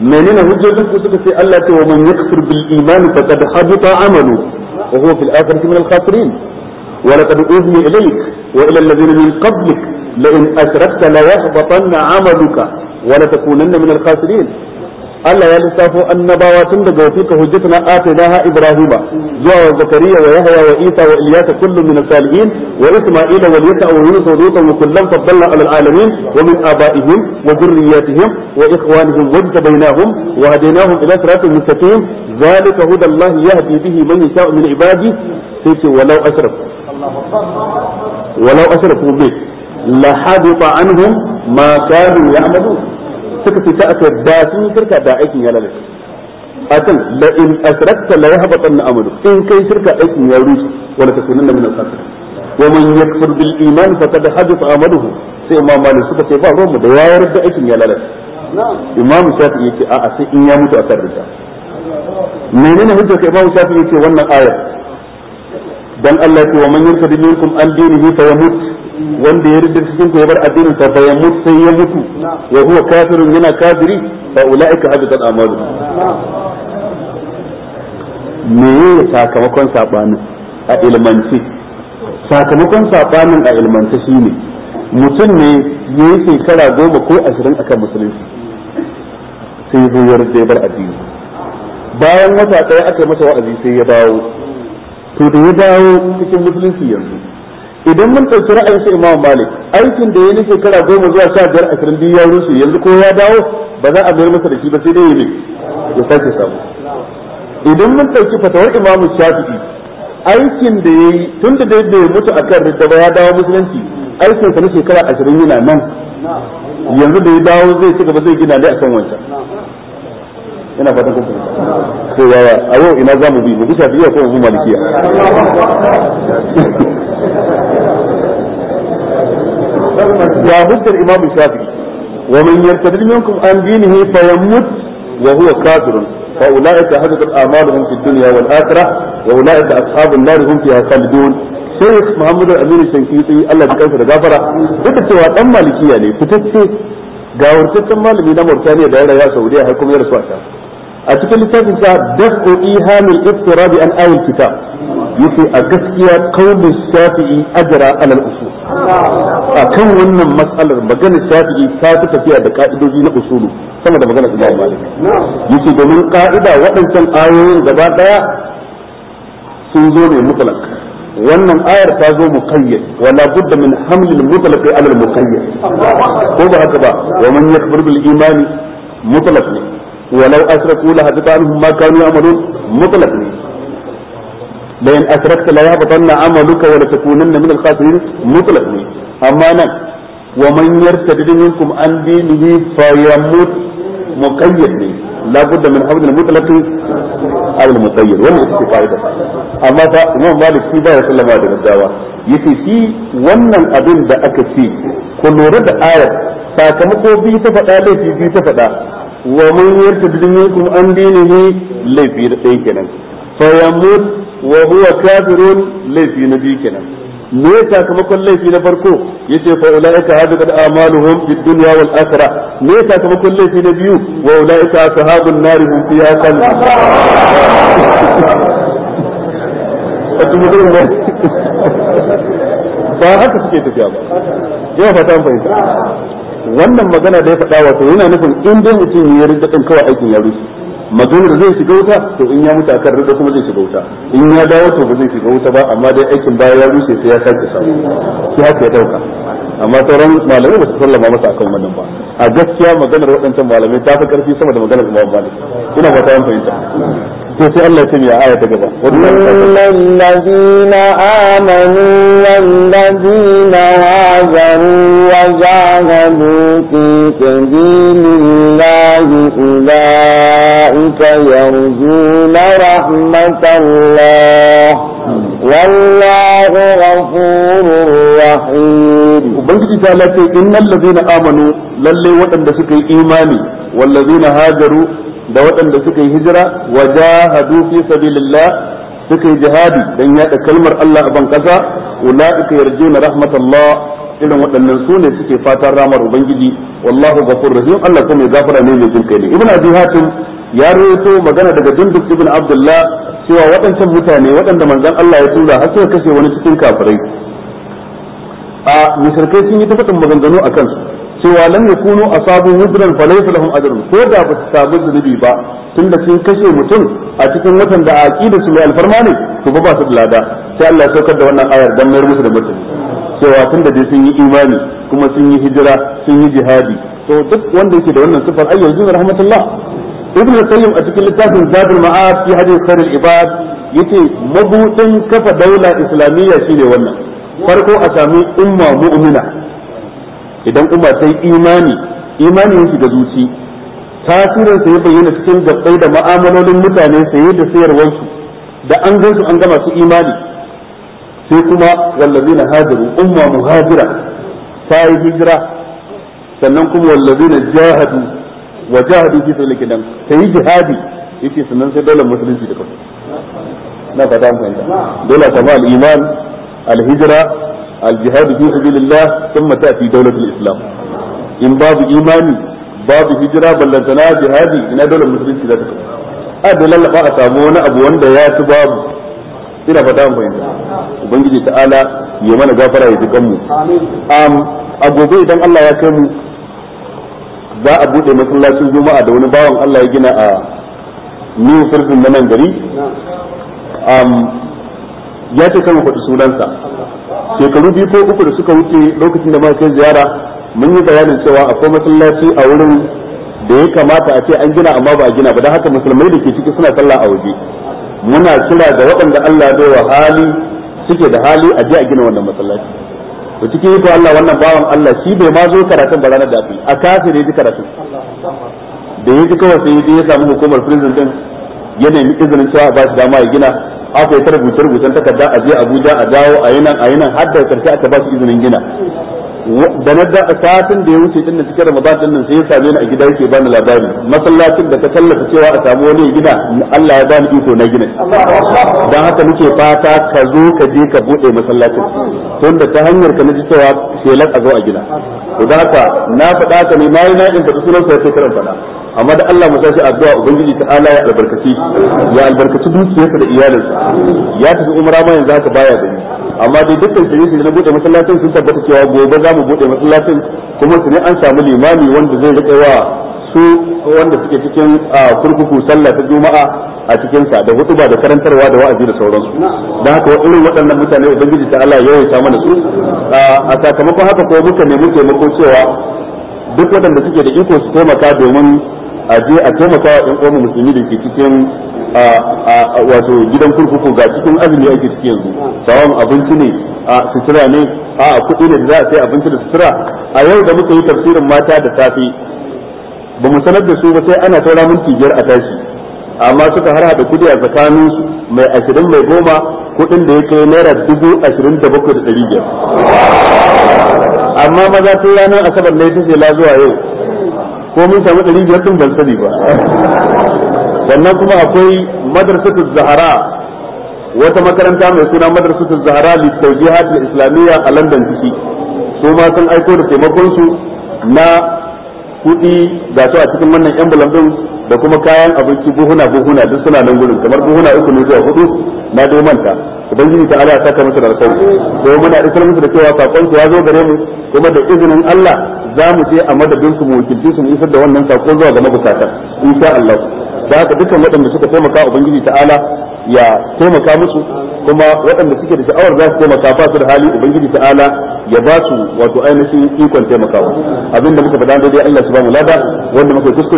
menene hujjojin ku suka ce Allah ta wa man yakfur bil iman faqad habita amalu وهو في الآخرة من الخاسرين ولقد أوحي إليك وإلى الذين من قبلك لئن أشركت ليحبطن عملك ولتكونن من الخاسرين Allah ya lissafo annabawa tun daga wasiƙa hujjatuna atainaha ibrahima zuwa wa zakariya wa yahya wa isa wa ilyasa kullum min salihin wa isma'ila wa yasa wa yunus wa lutan wa kullam faddalna ala alamin wa min abaihim wa dhurriyyatihim wa ikhwanihim wa tabainahum wa hadainahum ila siratin mustaqim zalika hudallahi yahdi bihi man yasha'u min ibadi sai ce walau asraf walau asrafu bi lahabita anhum ma kanu ya'malun suka ce ta aka da sun yi shirka da aikin ya lalace a can la in asrakta la yahbatanna amalu in kai shirka aikin ya rushe wala takunanna min al-khasirin wa man yakfur bil iman faqad hadatha amaluhu sai imam malik suka ce ba ruwan mu da yayar da aikin ya lalace imam shafi yake a'a sai in ya mutu a akan rida menene hujjar kai imam shafi yake wannan ayar dan Allah ya ce wa man yartadi minkum an dinihi fa yamut wanda ya ridda cikin ku ya bar addinin ta bayan mutu sai ya mutu wa huwa kafirun yana kafiri fa ulaika habitat amalu me sakamakon sabanin a ilmanci sakamakon sabanin a ilmanci shine mutum ne ya yi shekara goma ko ashirin akan musulunci sai ya ridda ya bar addini bayan wata ɗaya aka yi masa wa'azi sai ya dawo to da ya dawo cikin musulunci yanzu idan mun ɗauki ra'ayin su Imam Malik aikin da yayi shekara goma zuwa sha biyar ashirin biyu ya rushe yanzu ko ya dawo ba za a mayar masa da shi ba sai dai ya ya sake samu idan mun ɗauki fatawar Imam Shafi'i aikin da yayi tun da dai bai mutu akan da ba ya dawo musulunci aikin sa na shekara ashirin yana nan yanzu da ya dawo zai ci gaba zai gina dai kan wancan ina fatan kun fahimta to yaya a yau ina zamu bi mu bi shafi'iyya ko mu bi malikiya يا بد الامام الشافعي ومن يرتد منكم عن دينه فيموت وهو كافر فاولئك حدثت اعمالهم في الدنيا والاخره واولئك اصحاب النار هم فيها خالدون شيخ محمد الامير الشنقيطي الله بكيف الغفره قلت سوى ام مالكيه لي يعني؟ فتكت جاور تتم مالي من موريتانيا دائرة يا سعودية حكم يا رسول الله اتكلم لكتاب انت دفع ايهام الافتراض عن اول كتاب يقول اقسكيا قوم الشافعي اجرى على الاصول a kan wannan matsalar magana shafi'i ta fi tafiya da ka'idoji na usulu sama da magana imam malik yace domin ka'ida waɗancan ayoyin gaba daya sun zo ne mutlak wannan ayar ta zo muqayyad wala budda min hamlil mutlaqi ala al muqayyad ko ba haka ba wa man yakfur bil iman mutlaq ne walau asraku la hadata anhum ma kanu ya'malun mutlaq ne لئن أشركت لا يهبطن عملك ولتكونن من الخاسرين ne. amma nan wa man yartadid minkum an dinihi yamut muqayyid ne la budda min hawd al mutlaq al muqayyad wa min ce fa'ida amma fa imam malik shi ba ya sallama da dawa yace shi wannan abin da aka ce ku lura da ayar sakamako bi ta faɗa laifi bi ta faɗa wa man yartadid minkum an dinihi laifi da dai kenan yamut wa huwa kafirun laifi na bi kenan me sakamakon laifi na farko ce fa ulaika hadu amaluhum fid duniya wal asira me sakamakon laifi na biyu wa ulaika ashabun nar hum fiha khalidun ba haka suke tafiya ba yau fata fahimta wannan magana da ya faɗa wato yana nufin in dai mutum ya rinda kawai aikin ya rushe maganar zai shiga wuta to in ya mutu akan rida kuma zai shiga wuta in ya dawo to ba zai shiga wuta ba amma dai aikin baya ya rushe sai ya sake samu shi haka ya dauka amma sauran malamai ba su sallama masa akan wannan ba a gaskiya maganar waɗancan malamai ta fi karfi sama da maganar Imam Malik ina ba ta fahimta الذين آية آمنوا والذين هاجروا وجاهدوا في سبيل الله أولئك يرجون رحمة الله والله غفور رحيم وبنجي تعالى إن الذين آمنوا للي وأن سكي إيماني والذين هاجروا da waɗanda suka yi hijira wa jahadu fi sabilillah suka yi jihadi dan yaɗa kalmar Allah a ban kasa ulaika na rahmatullah irin waɗannan su ne suke fatan ramar ubangiji wallahu gafur rahim Allah kuma ya gafara ne mai jin kai ne ibn abi hatim ya rawaito magana daga dinduk ibn abdullah cewa waɗancan mutane waɗanda manzon Allah ya tura har suka kashe wani cikin kafirai a mushrikai sun yi ta faɗin maganganu a su. cewa lam yakunu asabu hujran fa laysa lahum ajrun ko da ba su samu zunubi ba tunda sun kashe mutum a cikin watan da aqida su mai alfarma ne to ba su da lada sai Allah ya saukar da wannan ayar dan mayar musu da mutum cewa tunda dai sun yi imani kuma sun yi hijira sun yi jihadi to duk wanda yake da wannan sifar ayyu jin rahmatullah ibn qayyim a cikin littafin zadul ma'ad fi hadith khairul ibad yace mabudin kafa daula islamiyya shine wannan farko a sami umma mu'mina idan kuma ta yi imani imani yake da zuci tasirin sa ya bayyana cikin gabbai da ma'amalolin mutane saye da sayarwarsu da an su an gama su imani sai kuma wallazina hajaru umma muhajira ta yi hijira sannan kuma wallazina jahadu wa jahadu fi sabilillah ta sai jihadi yake sannan sai dole musulunci da kafa na fata mun fahimta dole ta al-iman al-hijra الجهاد في سبيل الله ثم تأتي دولة الإسلام إن باب إيماني باب هجرة بل لنا جهادي إن a مسلمة لا تكون هذا للقى أسامونا أبو وند يا سباب ina fata an fahimta ubangiji ta'ala ya mana gafara ya dukan mu a gobe idan Allah ya kai mu za a buɗe masallacin juma'a da wani bawan Allah ya gina a new fulfin na nan gari ya ce kan faɗi sunansa shekaru biyu ko uku da suka wuce lokacin da muka kai ziyara mun yi bayanin cewa akwai masallaci a wurin da ya kamata a ce an gina amma ba a gina ba don haka musulmai da ke ciki suna sallah a waje muna kira ga waɗanda Allah ya wa hali suke da hali a je a gina wannan masallaci to cikin yi Allah wannan bawan Allah shi bai ma zo karatun ba ranar da afi a da ya ji karatun da ya ji kawai sai ya samu hukumar prison din ya nemi izinin cewa ba shi dama ya gina aka yi ta rubuce rubucen takarda a je Abuja a dawo a yi nan a yi nan har da karshe aka ba su izinin gina da na daɗa satin da ya wuce din nan cikin Ramadan din nan sai ya same ni a gida yake bani labari masallacin da ka tallata cewa a samu wani gida Allah ya bani iko na gina dan haka nake fata ka zo ka je ka bude masallacin tun da ta hanyar ka naji cewa shelan a zo a gina to dan haka na faɗa ka ne mai na ka sunan sai sai karan faɗa amma da Allah mu sashi addu'a ubangiji ta ala ya albarkaci ya albarkaci dukiyarsa da iyalinsa ya tafi umra ma yanzu haka baya gani amma dai dukkan shirye-shirye na bude masallacin sun tabbata cewa gobe za za mu bude masallacin kuma su ne an samu limami wanda zai rike wa su wanda suke cikin kurkuku sallah ta juma'a a cikin sa da hutuba da karantarwa da wa'azi da sauransu dan haka irin waɗannan mutane ubangiji ta Allah ya yawaita mana su a sakamakon haka ko muka muke mako cewa duk waɗanda suke da iko su taimaka domin a je a taimaka wa ɗan uwan musulmi da ke cikin wato gidan kurkuku ga cikin azumi ake ciki yanzu tsawon abinci ne a sutura ne a kuɗi ne da za a sai abinci da sutura a yau da muka yi tafsirin mata da safe ba mu sanar da su ba sai ana saura minti biyar a tashi amma suka har kuɗi a tsakanin su mai ashirin mai goma kuɗin da ya kai naira dubu ashirin da bakwai da ɗari biyar amma maza tun ranar asabar ne ta zuwa yau ko mun samu ɗari biyar ɗin ban sani ba sannan kuma akwai madrasatul zahara wata makaranta mai suna madrasatul zahara litawjihat islamiyya a London ciki su ma sun aiko da taimakon su na kuɗi da su a cikin wannan envelope din da kuma kayan abinci buhuna buhuna duk suna nan gurin kamar buhuna uku ne zuwa hudu na dai manta ubangiji ta Allah ya saka musu da alƙawari ko muna isar musu da cewa sakon ya zo gare mu kuma da izinin Allah za mu je a madadin su mu wakilci su mu isar da wannan sako zuwa ga mabukata insha Allah da haka dukkan waɗanda suka taimaka ubangiji ta'ala ya taimaka musu kuma waɗanda suke da sha'awar za su taimaka ba su da hali ubangiji ta'ala ya ba su wato ainihin ikon taimakawa abinda muka faɗa daidai Allah subhanahu wa ta'ala wanda muka kuskure